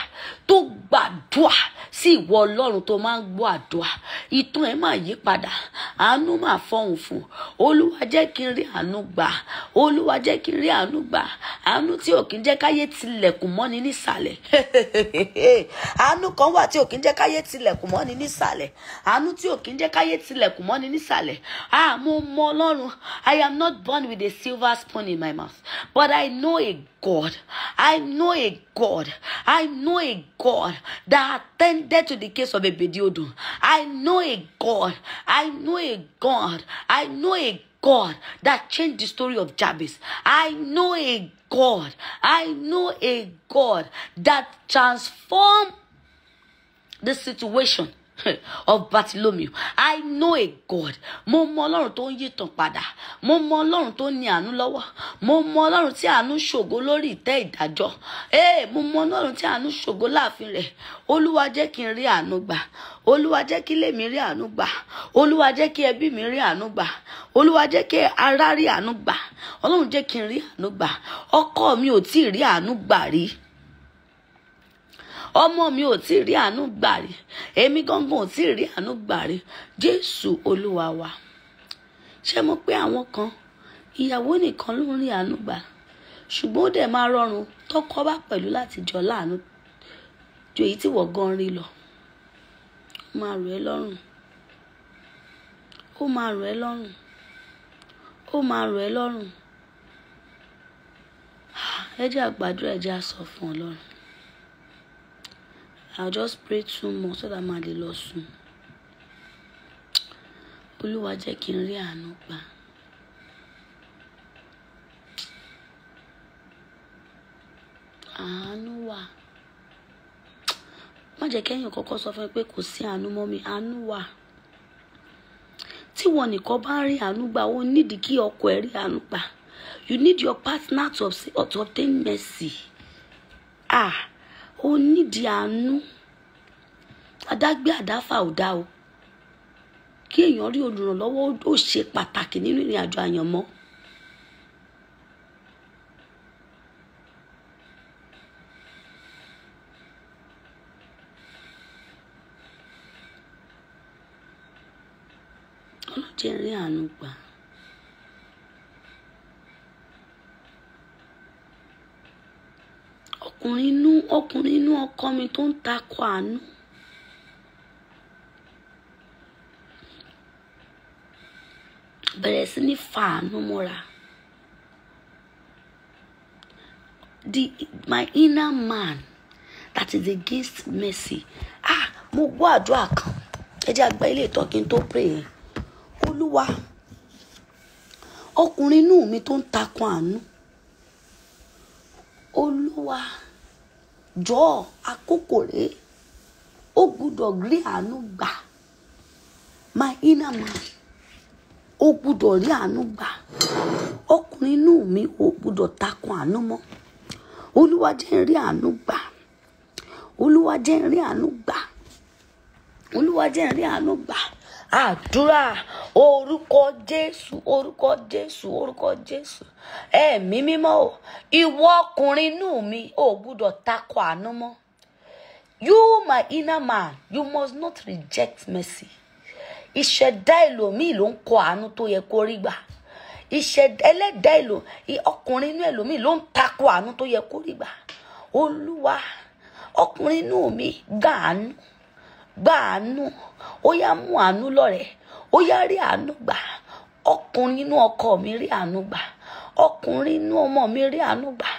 tó gbàdúà sí ìwọ ọlọ́run tó máa ń gbọ́ àdúà ìtàn ẹ̀ máa yí padà àánú máa fọhùn fún olúwa jẹ́ kí n rí àánú gbà olúwa jẹ́ kí n rí àánú gbà àánú tí ò kí ń jẹ́ káyé tilẹ̀kùn mọ́ni nísàlẹ̀ àánú kan wà tí ò kí ń jẹ́ káyé tilẹ̀kùn mọ́ni nísàlẹ̀ àánú tí ò kí ń jẹ́ káyé tilẹ̀kùn mọ́ni nísàlẹ̀ ah mo mọ ọlọ́run I am not born with a silver spoon in my mouth but I know a God. I know a God. I know a God that attended to the case of Ebediodun. I know a God. I know a God. I know a God that changed the story of Jabez. I know a God. I know a God that transformed the situation of Bartholomew I know a God mo mọ ọlọ́run tó ń yítan padà mo mọ ọlọ́run tó ní àánú lọ́wọ́ mo mọ ọlọ́run tí àánú ṣògo lórí ìtẹ́ ìdájọ́ ee eh, mo mọ ọlọ́run tí àánú ṣògo láàfin rẹ̀ olúwa jẹ́ kí n rí àánú gbà olúwa jẹ́ kí ilé rí àánú gbà olúwa jẹ́ kí ẹbí mi rí àánú gbà olúwa jẹ́ kí ara rí àánú gbà ọlọ́run jẹ́ kí n rí àánú gbà ọkọ mi ò tí ì rí àánú gbà rí ọmọ mi ò tí ì rí àánú gbà rí èmi gangan ò tí ì rí àánú gbà rí jésù olúwa wa ṣé mo pé àwọn kan ìyàwó nìkan ló ń rí àánú gbà ṣùgbọ́n ó dẹ̀ máa rọrùn tọkọ bá pẹ̀lú láti jọ láàánú ju èyí tí wọ́n gan rí lọ ó máa rọ̀ ẹ́ lọ́rùn ó máa rọ̀ ẹ́ lọ́rùn ó máa rọ̀ ẹ́ lọ́rùn ah, ẹ jẹ́ àgbàdo ẹ jẹ́ àsọ fún Ọlọ́run. I'll just pray two more so that my lè lọ sùn. Olúwa jẹ́ kí n rí àánú gbà. Àánú wà. Má jẹ́ kẹ́yìn kọ́kọ́ sọ fún ẹ pé kò sí àánú mọ́ mi, àánú wà. Tí wọn nìkan bá rí àánú gbà, ó nídìí kí ọkọ ẹ rí àánú gbà. You need your partner to obtain mercy. Ah. onídìí àánú adágbé àdáfà ò dá o kí èèyàn rí o se pataki pàtàkì nínú ìrìn àjò àyànmọ́. ọlọ́jẹ̀ rí àánú gbà ọkùnrin inú ọkùnrin inú ọkọ mi tó ń takò àánú. bẹ̀rẹ̀ sí ní fa mọ́ra. The, my inner man that is against mercy. ah mo gbọ́ àdúrà kan ẹ jẹ́ àgbá ilé ìtọ́ kí n tó pray yẹn. olúwa ọkùnrin inú mi tó ń takò àánú. olúwa. jọ̀ọ́ àkókò rèé o gbúdọ̀ rí àánú gba, my inner man o gbúdọ̀ rí àánú gba. ọkùnrin inú mi o gbúdọ̀ takun àánú mọ, oluwa jẹ́ n rí gba. Oluwa olúwa jẹ́ n rí Oluwa gbà olúwa jẹ́ gba. rí àánú àdúrà orúkọ jésù orúkọ jésù orúkọ jésù ẹ̀mí mímọ́ o ìwọ ọkùnrin inú mi ò gbúdọ̀ takò àánú mọ́ you my inner man you must not reject mercy ìṣẹ̀dá ẹlòmíì ló ń kọ àánú tó yẹ kó rí gbà ìṣẹ̀dá ẹlẹ́dá èlò ọkùnrin inú ẹlòmíì ló ń takò àánú tó yẹ kó rí gbà olúwa ọkùnrin inú mi gbà àánú gbà àánú ó yá mú àánú lọ́rẹ̀ẹ́ ó yá rí àánú gbà ọkùnrin inú ọkọ mi rí àánú gbà ọkùnrin inú ọmọ mi rí àánú gbà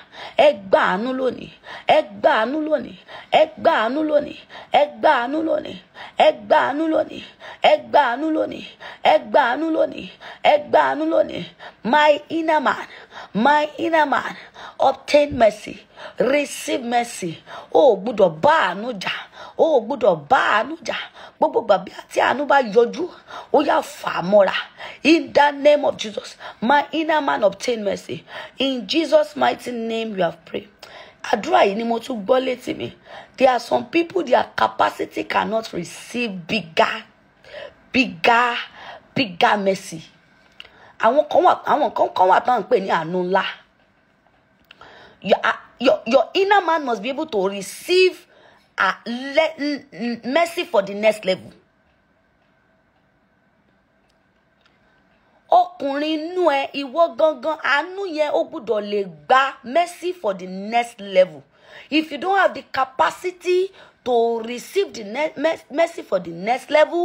ẹ gbà àánú lónìí ẹ gbà àánú lónìí ẹ gbà àánú lónìí ẹ gbà àánú lónìí ẹ gbà àánú lónìí ẹ gbà àánú lónìí ẹ gbà àánú lónìí ẹ gbà àánú lónìí my inner man my inner man obtain mercy receive mercy o gbọ́dọ̀ bá àánú jà o ò gbọ́dọ̀ bá àánú jà gbogbo gbàgbé àti àánú bá yọjú ó yà fà á mọ́ra in the name of Jesus my inner man obtain mercy in Jesus mighty name you have prayed àdúrà yìí ni mo tún gbọ́ létí mi there are some people their capacity cannot receive bigger bigger bigger mercy àwọn kan wà àwọn kan kan wà tó ń pè ní àánú ńlá your your your inner man must be able to receive are le- mercy for the next level. ọkùnrin inú ẹ iwo gangan àánú yẹn ó gbúdọ̀ lè gba mercy for the next level if you don't have the capacity to receive the next mercy for the next level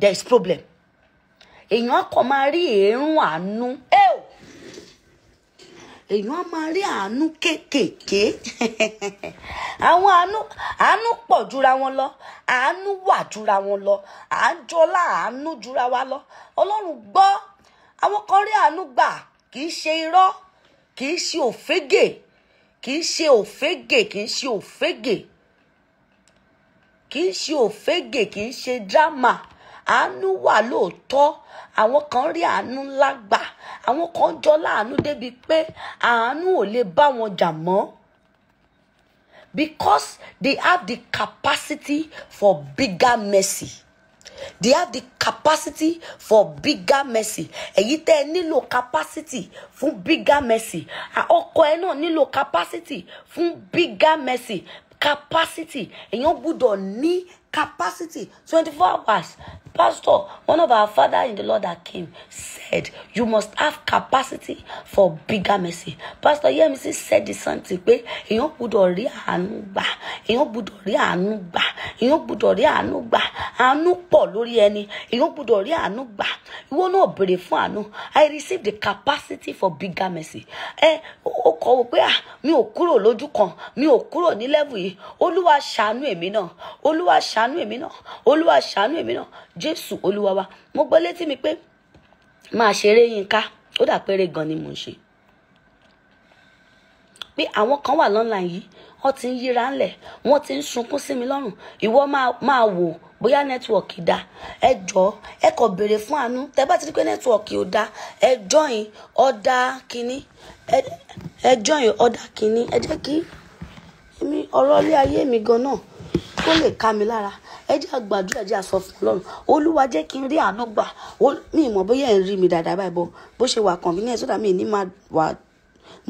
there is problem èèyàn kò máa rí èérún àánú. Hey! èèyàn á máa rí àánú kéékèèké àwọn àánú àánú pọ̀ jura wọn lọ àánú wà jura wọn lọ àájọlá àánú jura wa lọ ọlọ́run gbọ́ àwọn kan rí àánú gbà kì í ṣe irọ́ kì í ṣe òfégè kì í ṣe òfégè kì í ṣe òfégè kì í ṣe òfégè kì í ṣe drama àánú wà lóòótọ́ àwọn kan rí àánú ńlá gbà àwọn kan jọ láàánú débi pé àánú ò lè bá wọn jà mọ́ because they have the capacity for bigger mercy they have the capacity for bigger mercy èyí tẹ́ ẹ nílò capacity fún bigger mercy ọkọ ẹ náà nílò capacity fún bigger mercy capacity èèyàn gbúdọ̀ ní capacity twenty four hours Pastor, one of our father in the Lord that came said, You must have capacity for bigger mercy. Pastor Yemisi said the same thing pé èèyàn gbúdọ̀ anuba. àánú gbà èèyàn anuba. rí àánú gbà anuba. gbúdọ̀ rí àánú gbà àánú pọ̀ anuba. You won't know rí àánú I received the capacity for bigger mercy. Eh, oko kọ̀ mi okuro kúrò lójú mi okuro ni ní level yìí Olúwa ṣàánú èmi náà Olúwa ṣàánú èmi náà jésù olúwa wa mo gbọ́ létí mi pé máa ṣeré yínká ó dà péré gan ni mò ń ṣe pé àwọn kan wà lọ́nlàn yìí wọ́n ti ń yíra ńlẹ̀ wọ́n ti ń sunkún sí mi lọ́rùn ìwọ máa wò bóyá nẹ́tíwọ̀kì da ẹ jọ ẹ kò béèrè fún àánú tẹ bá ti rí pé nẹ́tíwọ̀kì ò da ẹ jọyìn ọ̀dà kínní ẹ jọyìn ọ̀dà kínní ẹ jẹ́ kí ọ̀rọ̀ ilé ayé mi gan náà kó lè ká mi lára ẹ jẹ́ àgbàdúrà ẹ jẹ́ àsọ fún ọlọ́run olúwa jẹ́ kí n rí àánú gbà mi ìmọ̀ bóyá ẹ̀ ń rí mi dáadáa báyìí bó ṣe wà kàn mí ní ẹ̀ sódà mi ní máa wà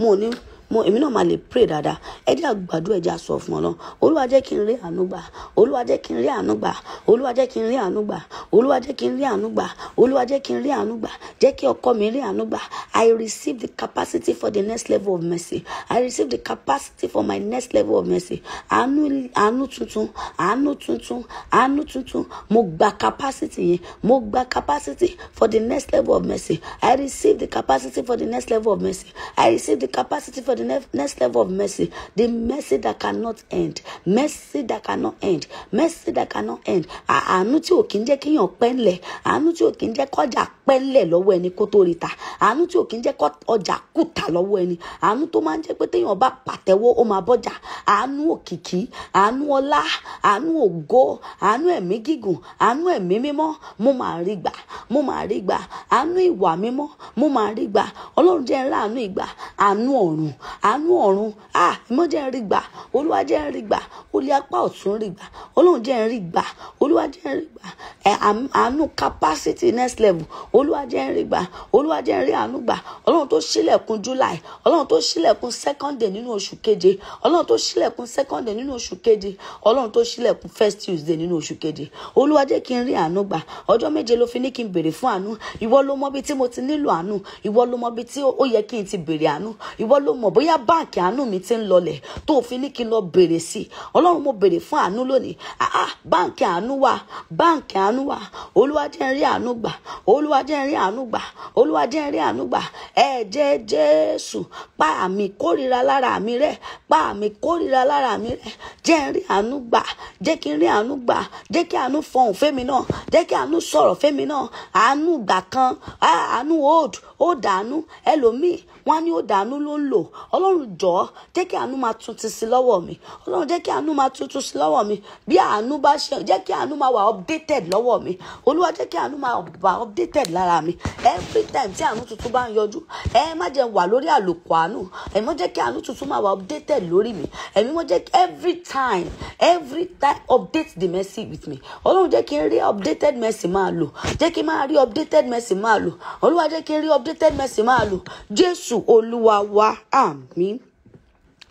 mo ní mo èmi náà máa lè pray dáadáa ẹ jẹ́ àgbàdúrà ẹ̀jẹ̀ àsọ fún Ọlọ́run olúwa jẹ́ kí n rí àánú gbà olúwa jẹ́ kí n rí àánú gbà olúwa jẹ́ kí n rí àánú gbà olúwa jẹ́ kí n rí àánú gbà olúwa jẹ́ kí n rí àánú gbà jẹ́ kí ọkọ mi rí àánú gbà I receive the capacity for the next level of mercy I receive the capacity for my next level of mercy àánú àánú tuntun àánú tuntun àánú tuntun mo gba capacity yẹn mo gba capacity for the next level of mercy I receive the capacity for the next level of mercy I receive the capacity for the the next, next level of mercy, the mercy that cannot end, mercy that cannot end, mercy that cannot end. Àánú tí ò kí ń jẹ́ kéèyàn pẹ́ńlẹ̀, àánú tí ò kí ń jẹ́ kọjá pẹ́ńlẹ̀ lọ́wọ́ ẹni kó tó rí ta, àánú tí ò kí ń jẹ́ ọjà kùtà lọ́wọ́ ẹni, àánú tó máa ń jẹ́ pé téèyàn bá pàtẹ́wọ́ ó máa bọ́jà, àánú òkìkí, àánú ọlá, àánú ògo, àánú ẹ̀mí gígùn, àánú ẹ̀mí mímọ́, mo máa rí gbà, mo máa rí gbà, àánú ìwà mímọ́, mo máa rí gbà, ọlọ́run jẹ́ ńlá àánú ìgbà, àánú ọ̀run, àánú ọ̀run ah ẹmọ jẹ́ rí gbà olúwa jẹ́ rí gbà olè apá ọ̀tún rí gbà ọlọ́run jẹ́ rí gbà olúwa jẹ́ rí gbà ẹ àánú capacity next level olúwa jẹ́ rí gbà olúwa jẹ́ rí àánú gbà ọlọ́run tó ṣílẹ̀kùn july ọlọ́run tó ṣílẹ̀kùn second day nínú oṣù keje ọlọ́run tó ṣílẹ̀kùn second day nínú oṣù keje ọlọ́run tó ṣílẹ̀kùn first tuesday nínú oṣù keje olúwa jẹ́ kí n rí àánú gbà ọjọ́ méje ló fi ní kí n béèrè fún àánú ìwọ ló mọ bí tí mo ti nílò àánú ìwọ ló mọ bí tí ó yẹ kí n ti béèrè àánú ìwọ ló mọ bóyá báǹkì àánú mi ti ti ń lọlẹ̀ tó fi ní kí n lọ bèrè sí i ọlọ́run mo bèrè fún àánú lónìí ah, ah báǹkì àánú wà báǹkì àánú wà olúwa jẹ́ n rí àánú gbà olúwa jẹ́ n rí àánú gbà olúwa jẹ́ n rí àánú gbà ẹ̀jẹ̀ jésù pa àmì kórìíra lára mi rẹ́ pa àmì kórìíra lára mi rẹ́ jẹ́ n rí àánú gbà jẹ́ kí n rí àánú gbà jẹ́ kí àánú fọhùn fẹ́mi náà jẹ́ kí àánú sọ̀rọ̀ fẹ́mi náà àánú gbà kan ah, àánú old ó dànù ẹlòmíì wọn á ní ó dànù ló ń lò ọlọ́run jọ̀ọ́ jẹ́ kí àánú máa tuntun sí lọ́wọ́ mi ọlọ́run jẹ́ kí àánú máa tuntun sí lọ́wọ́ mi bí àánú bá ṣe jẹ́ kí àánú máa wà updated lọ́wọ́ mi olúwa jẹ́ kí àánú máa wà updated lára mi every time tí àánú tuntun bá ń yọjú ẹ má jẹ́ wà lórí àlòkù àánú ẹ má jẹ́ kí àánú tuntun máa wà updated lórí mi ẹ̀mí má jẹ́ every time every time update the mercy with me ọlọ́run jẹ́ kí n rí updated mercy máa lò jẹ́ kí n máa rí updated mercy máa lò olúwa jẹ́ kí n rí updated unmerited mercy máa lò jésù olúwa wa àmín.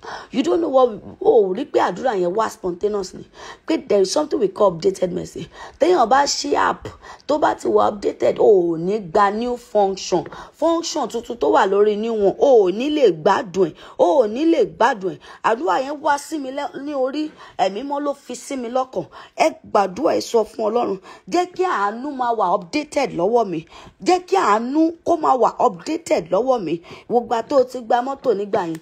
you don't know what o oh, ò rí pé àdúrà yẹn wá spontaneously pé there is something we call updated message téèyàn bá ṣí app tó bá ti wà updated o ò ní gba new function function tuntun tó wà lórí new one o ò ní lè gbádùn ẹ̀ o ò ní lè gbádùn ẹ̀ àdúrà yẹn wá sí mi ní orí ẹ̀mí mọ́ ló fi sí mi lọ́kàn ẹ gbàdúrà ẹ sọ fún ọlọ́run jẹ́ kí àánú máa wà updated lọ́wọ́ mi jẹ́ kí àánú kó máa wà updated lọ́wọ́ mi gbogbo àti o ti gba mọ́tò nígbà yẹn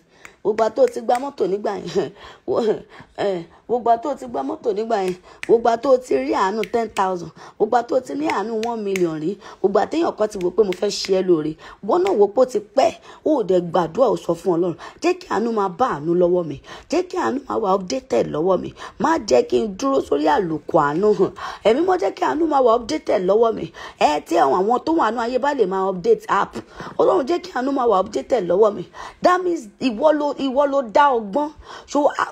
gbogbo àtó ti gba mọ́tò nígbà yẹn gbogbo tó ti gbọ́ mọ́tò nígbà yẹn gbogbo tó ti rí àánú ten thousand gbogbo tó ti ní àánú one million rí gbogbo àtẹ̀yàn kan ti wò pé mo fẹ́ ṣe é lóore wọ́n náà wò pé ó ti pẹ́ ó dẹ̀ gbàdúrà ó sọ fún ọlọ́run jẹ́ kí àánú máa bá àánú lọ́wọ́ mi jẹ́ kí àánú máa wà updated lọ́wọ́ mi má jẹ́ kí n dúró sórí àlòkù àánú hàn ẹ̀mí mọ́ jẹ́ kí àánú máa wà updated lọ́wọ́ mi ẹ tí àwọn tó wà nú ayé bá lè máa update app ọlọ́run jẹ́ kí àánú máa wà updated lọ́wọ́ mi that means ìwọ ló ìwọ ló dá ọgbọ́n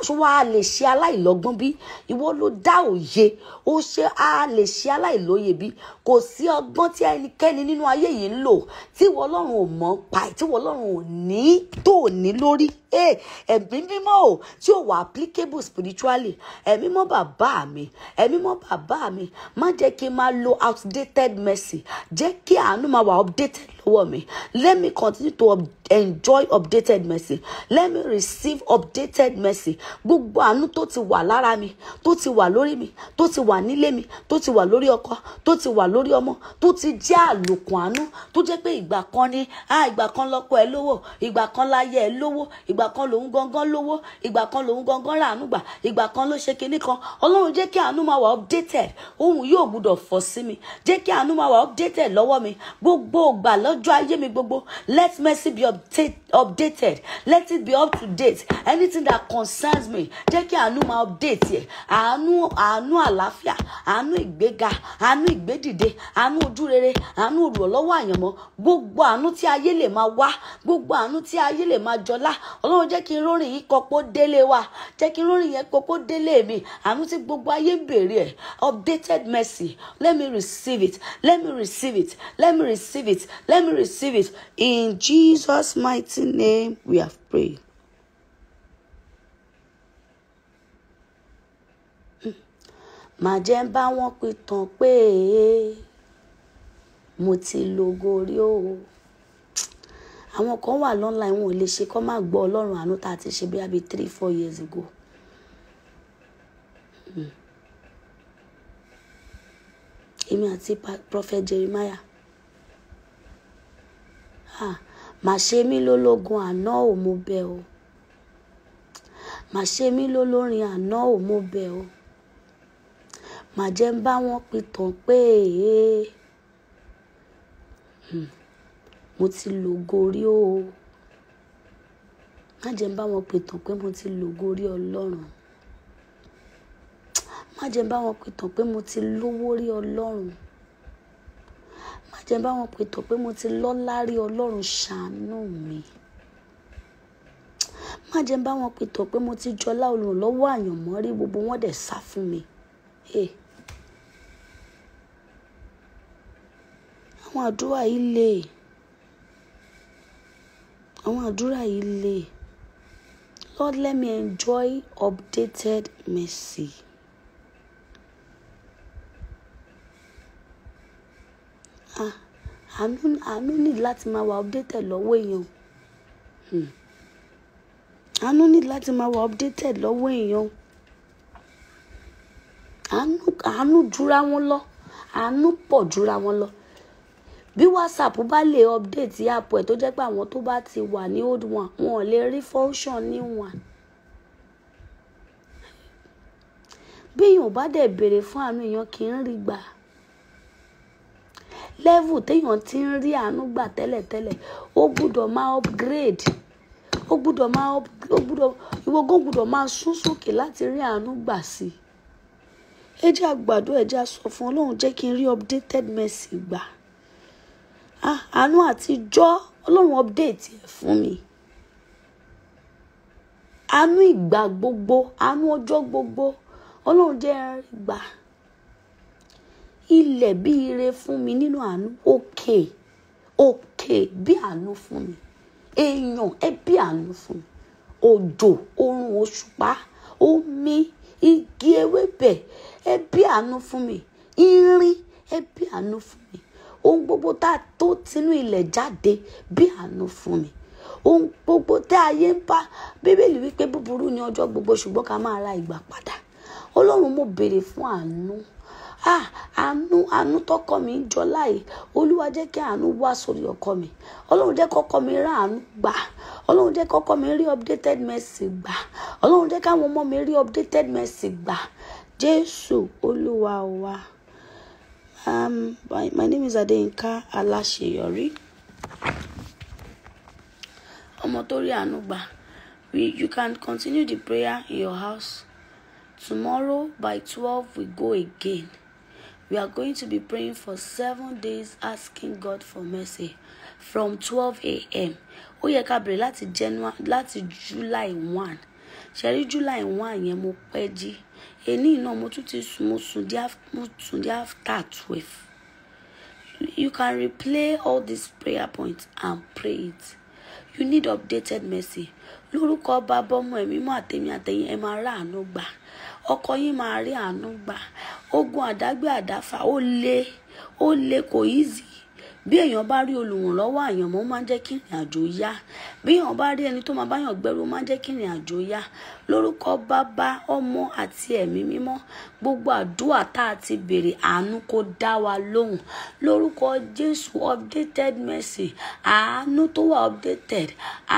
ṣó wàá lè ṣe aláìl aláìlọ́gbọ́n bí ìwọ ló dá òye ó ṣe a lè ṣe aláìlóye bí kò sí ọgbọ́n tí ẹnikẹ́ni nínú ayé yìí ń lò tí ìwọ ọlọ́run ò mọ̀ pa tí ìwọ ọlọ́run ò ní tó ní lórí ẹ̀mí mímọ́ o tí ò wà applicable spiritually ẹ̀mí mọ́ bàbá mi ẹ̀mí mọ́ bàbá mi má jẹ́ kí n máa lo outdated mercy jẹ́ kí àánú máa wà updated toward me. Let me continue to enjoy updated mercy. Let me receive updated mercy. Gbogbo àánú tó ti wà lára mi, tó ti wà lórí mi, tó ti wà nílé mi, tó ti wà lórí ọkọ, tó ti wà lórí ọmọ, tó ti jẹ́ àlòkùn àánú, tó jẹ́ pé ìgbà kan ni, ah ìgbà kan lọ́kọ ẹ lówó, ìgbà kan láyé ẹ lówó, ìgbà kan lòun gangan lówó, ìgbà kan lòun gangan ràánú gbà, ìgbà kan ló ṣe kinní kan. Ọlọ́run jẹ́ kí àánú máa wà updated, ohun yóò gbúdọ̀ fọ́ sí mi, jẹ́ kí àánú máa wà updated lọ́wọ́ mi, gbogbo ògbà lọ́ ọjọ́ ayé mi gbogbo let mercy be update, updated let it be up to date anything that concerns me jẹ́ kí àánú máa update yẹ àánú àánú àlàáfíà àánú ìgbéga àánú ìgbédìde àánú ojúrere àánú olùrànlọ́wọ́ àyànmọ́ gbogbo àánú tí ayé lè máa wá gbogbo àánú tí ayé lè máa jọlá ọlọ́run jẹ́ kí n rórìn yìí kọ́pọ́ délé wa jẹ́ kí n rórìn yẹn kọ́pọ́ délé mi àánú tí gbogbo ayé ń béèrè ẹ̀ updated mercy let me receive it let me receive it let me receive it let me me receive it. In Jesus' mighty name, we have prayed. Hmm. màá jẹ́ bá wọn pìtàn pé mo ti lògo rí o àwọn kan wà lọ́nlàí wọn ò lè ṣe kọ́ máa gbọ́ ọlọ́run àánú ti ṣe bí i three four years ago. Hmm. èmi àti prophet Jeremiah mà ṣe mí lólógun àná ò mo bẹ̀ o mà ṣe mí lólórin àná ò mo bẹ̀ o mà jẹ́ ń bá wọn pitàn pé hmm, mo ti lògo rí o má jẹ́ ń bá wọn pitàn pé mo ti lògo rí ọlọ́run má jẹ́ ń bá wọn pitàn pé mo ti lówó rí ọlọ́run jẹ́ bá wọn pè tọ̀ pé mo ti lọ́lá rí ọlọ́run ṣàánú mi má jẹ́ bá wọn pè pé mo ti jọlá olùrànlọ́wọ́ àyànmọ́ rí gbogbo wọn dẹ̀ sá fún mi. àwọn àdúrà yìí le àwọn àdúrà yìí le Lord let me enjoy updated mercy. Ah, àánú ní láti máa wà hmm. updated lọ́wọ́ èèyàn àánú ní láti máa wà updated lọ́wọ́ èèyàn àánú jura wọn lọ àánú pọ̀ jura wọn lọ bí whatsapp bá lè update app ẹ̀ tó jẹ́ pé àwọn tó bá ti wà ní old one wọn ò lè rí function ní one. bí èèyàn bá dẹ̀ béèrè fún àánú èèyàn kì í rí gbà á. Level téèyàn ti ń rí àánú gbà tẹ́lẹ̀tẹ́lẹ̀ ó gbúdọ̀ máa upgrade ó gbúdọ̀ máa ó gbúdọ̀ ìwọ gan gbúdọ̀ máa sún sókè láti rí àánú gbà sí i ẹ jẹ́ àgbàdo ẹ jẹ́ sọ fún ọlọ́run jẹ́ kí n rí updated mercy gbà àánú àtijọ́ ọlọ́run update ẹ̀ fún mi àánú ìgbà gbogbo àánú ọjọ́ gbogbo ọlọ́run jẹ́ ẹ gbà ilẹ̀ bí ire fún mi nínú àánú òkè òkè bí àánú fún mi èèyàn ẹ bí àánú fún mi òjò oorun òṣùpá omi igi ewébẹ̀ ẹ bí àánú fún mi irin ẹ bí àánú fún mi ohun gbogbo tá a tó tinú ilẹ̀ jáde bí àánú fún mi ohun gbogbo tá ayé ń bá bíbélì wípé búburú ni ọjọ́ gbogbo ṣùgbọ́n ká máa ra ìgbà padà ọlọ́run mo béèrè fún àánú ah àánú àánú tọkọ mi ń jọ láàyè olúwa jẹ́ kí àánú wá sórí ọkọ mi ọlọ́run jẹ́ kọ́kọ́ mi rán àánú gbà ọlọ́run jẹ́ kọ́kọ́ mi rí updated message gbà ọlọ́run jẹ́ káwọn ọmọ mi rí updated message gbà jésù olúwa wa. Um, my, my name is Adeyinka Alaseyori ọmọ tó rí àánú gbà we you can continue the prayer in your house tomorrow by twelve we go again. We are going to be praying for seven days asking God for mercy from 12 a.m. Ó yẹ ká bẹ̀rẹ̀ láti January láti July one. Ṣẹ̀rí July one yẹn mo pẹ́ jí. Èní iná mo tún ti sùn mo sùn dí mo sùn dí after twelve. You can replay all these prayer points and pray it. You need updated mercy. Lórúkọ bàbá ọmọ emi mo àtẹ̀yìn àtẹ̀yìn ẹ̀ máa ráàánú gbà ọkọ yín máa rí àánú gbà ogun àdágbé àdáfà ó le ó le kò easy bí èèyàn bá rí olùrànlọ́wọ́ àyànmọ́ máa ń jẹ́ kí ìrìn àjò yá bí èèyàn bá rí ẹni tó máa báyàn gbẹ́rù máa ń jẹ́ kí ìrìn àjò yá lórúkọ bàbá ọmọ àti ẹ̀mí mímọ́ gbogbo àdúrà tá a ti béèrè àánú kó dá wa lóhùn lórúkọ jésù updated mercy àánú tó wà updated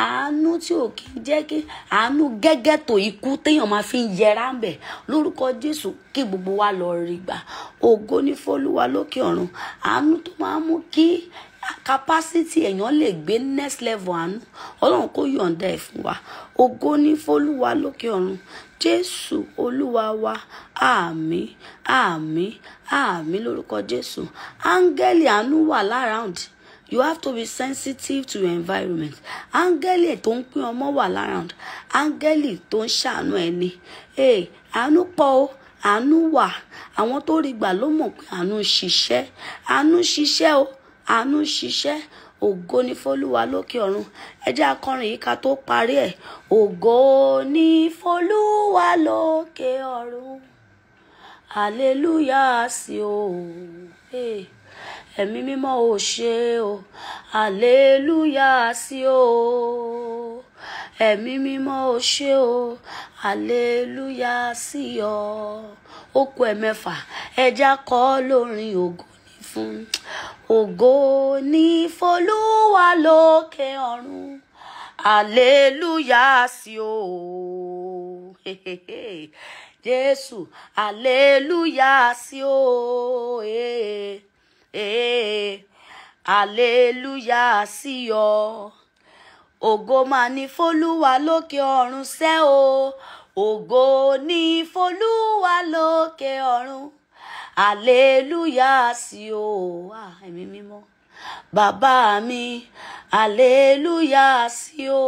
àánú tí ò kí ń jẹ́ kí àánú gẹ́gẹ́ tó ikú téèyàn máa fi ń yẹra ń bẹ̀ lórúkọ jésù kí gbogbo wa lọ rí gbà ògo ní fọlúwa lókè ọ̀run àánú tó máa mú kí capacity èèyàn lè gbé next level àánú ọlọ́run kó yọ̀ǹda ẹ̀ fún wa ògo ní fọlúwa lókè ọ̀run jésù olúwa wa àmín àmín àmín lórúkọ jésù áńgẹ́lì àánú wà láràùndì you have to be sensitive to your environment áńgẹ́lì tó ń pín ọmọ wà láràùndì áńgẹ́lì tó ń ṣàánú ẹni ee àánú pọ̀ o àánú wà àwọn tó rí gbà ló mọ̀ pé àánú ṣiṣẹ́ àánú ṣiṣẹ́ o àánú ṣiṣẹ́ ògo ni fọlúwa lókè ọ̀run ẹ jẹ́ akọrin yìí ká tó parí ẹ̀ ògo ni fọlúwa lókè ọ̀run hallelujah sí o ẹ̀mí mímọ́ ò ṣe o hallelujah sí o ẹ̀mí mímọ́ ò ṣe o hallelujah sí ọ ó kù ẹ̀mẹ́fà ẹ jẹ́ akọ lórin ògo ni fún un ògo ní folúwa lókè ọ̀run aleluya sí o jésù aleluya sí o aleluya sí ọ ògo mà ní folúwa lókè ọ̀run ṣẹ́ o ògo ní folúwa lókè ọ̀run àlélúyà sí o ẹ̀mí mímọ́ bàbá mi àlélúyà sí o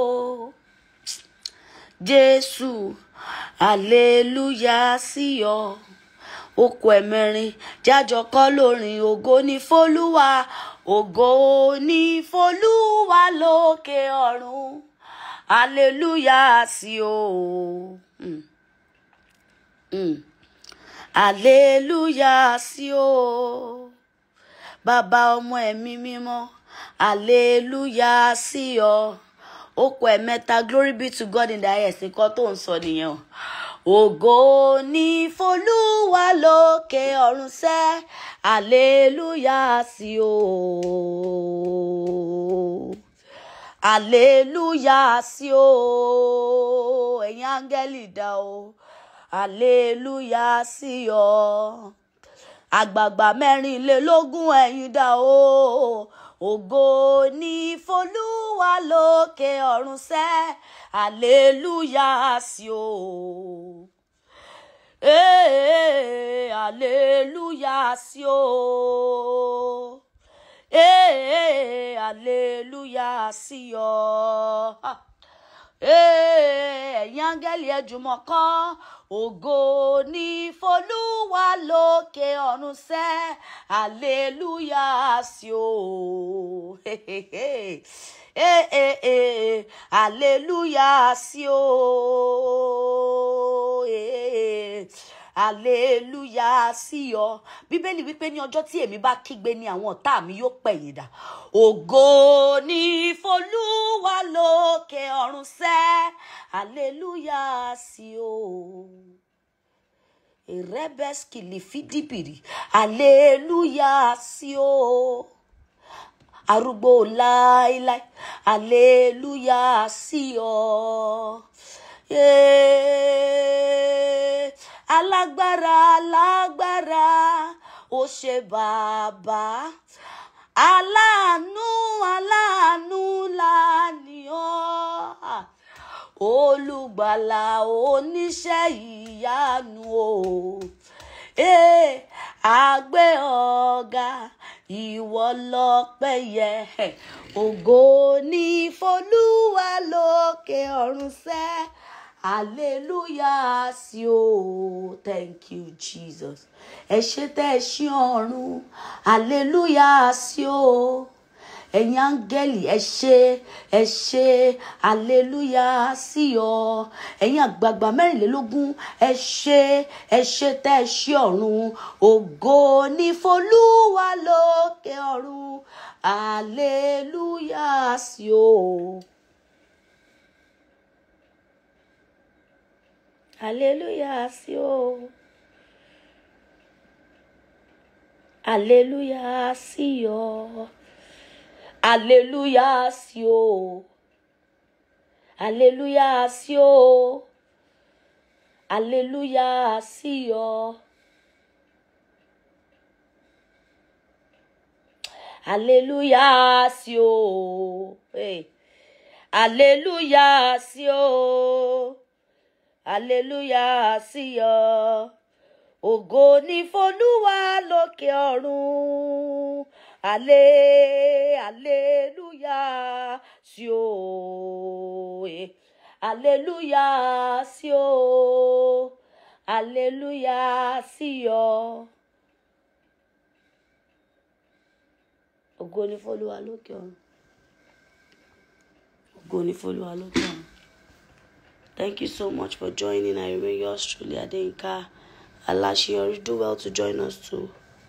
jésù àlélúyà sí ọ okò ẹ̀mẹrin jájọ kọ́ lórin ògo ni fólúwa ògo ni fólúwa lókè ọ̀run hallelujah sí o. Mm. Mm àlélúyà sí o bàbá ọmọ ẹ̀mí mímọ́ àlélúyà sí O ó kọ ẹ̀mẹ́ta glory be to God in the highest nǹkan tó ń sọ nìyẹn ògo ni f'Olúwa lókè ọ̀run sẹ́ àlélúyà sí o àlélúyà sí o ẹ̀yin áńgẹ́lì dá o aleluya sí ọ àgbààgbà mẹ́rìnlélógún ẹ̀yin dà o ògo ni folúwa lókè ọ̀run sẹ́ aleluya sí o. Ee, aleluya sí o. Ee, aleluya sí ọ. Ee áńgẹ́lì ẹ jùmọ̀ kọ́ ògo ní folúwa lókè ọ̀run sẹ́ hallelujah sí o hallelujah sí o aleluya sí ọ bíbélì wípé ní ọjọ́ tí èmi bá kígbe ni àwọn ọ̀tá mi yóò pẹ̀yìn dà ògo ni f'Olúwa lókè ọ̀run sẹ́ aleluya sí ọ erebeskili fidibiri aleluya sí ọ arúgbó láéláé aleluya sí ọ. Yeah alágbára alágbára ó ṣe bàbá aláàánú aláàánú la olùgbàlà oníṣẹ́ ìyanu o eh, àgbẹ̀ ọ̀gá ìwọ lọ́pẹ́ yẹ ògo ní folúwa lókè ọ̀run sẹ́ẹ̀ hallelujah sí o thank you jesus ẹ ṣé tẹ́ ẹ ṣí ọ̀run hallelujah sí o ẹ̀yin áńgẹ́lì ẹ ṣé ẹ ṣé aleluya sí ọ ẹ̀yin àgbààgbà mẹ́rìnlélógún ẹ ṣé ẹ ṣé tẹ́ ẹ ṣí ọ̀run ògo ní folúwa lókè ọ̀run aleluya sí ọ. Hallelujah sí o. Hallelujah sí o. Hallelujah sí o. Hallelujah sí o. Hallelujah sí o. Hallelujah sí o. Hey. Hallelujah sí o. Hallelujah, sí ọ ògo ni f'Olúwa lókè ọ̀run ale aleluya sí o aleluya sí o aleluya sí ọ. ògo ni f'Olúwa lókè ọ̀run ògo ni f'Olúwa lókè ọ̀run. Thank you so much for joining. I remain yours truly, Adenka Alashiori. Do well to join us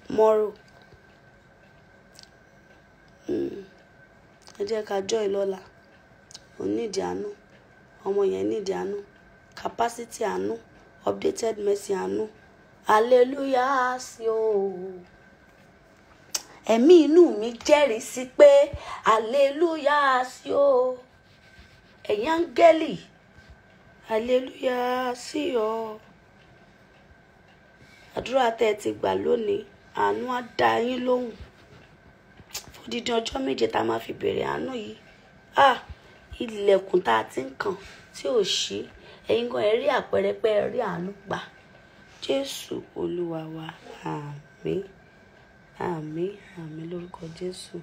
tomorrow. Hmm. Ẹ jẹ́ ká join lọ́la. Ó nídìí àánú. Ọmọ yẹn nídìí àánú. Capacity àánú. Updated mercy àánú. Hallelujah sí o. Ẹ̀mí inú mi jẹ́rìí sí pé hallelujah sí o. Ẹ̀yin áńgẹ́lì. E hallelujá sí ọ àdúrà tẹ́ ẹ ti gbà lónìí àánú á dá yín lóhùn fòdìdí ọjọ́ méje tá a máa fi bẹ̀rẹ̀ àánú yìí à ah, ilẹ̀kùn tá a ti ń kàn tí ò ṣí ẹ̀yin gan ẹ rí àpẹẹrẹ pé ẹ rí àánú gbà jésù olúwa wa àmín àmín àmín lórúkọ jésù.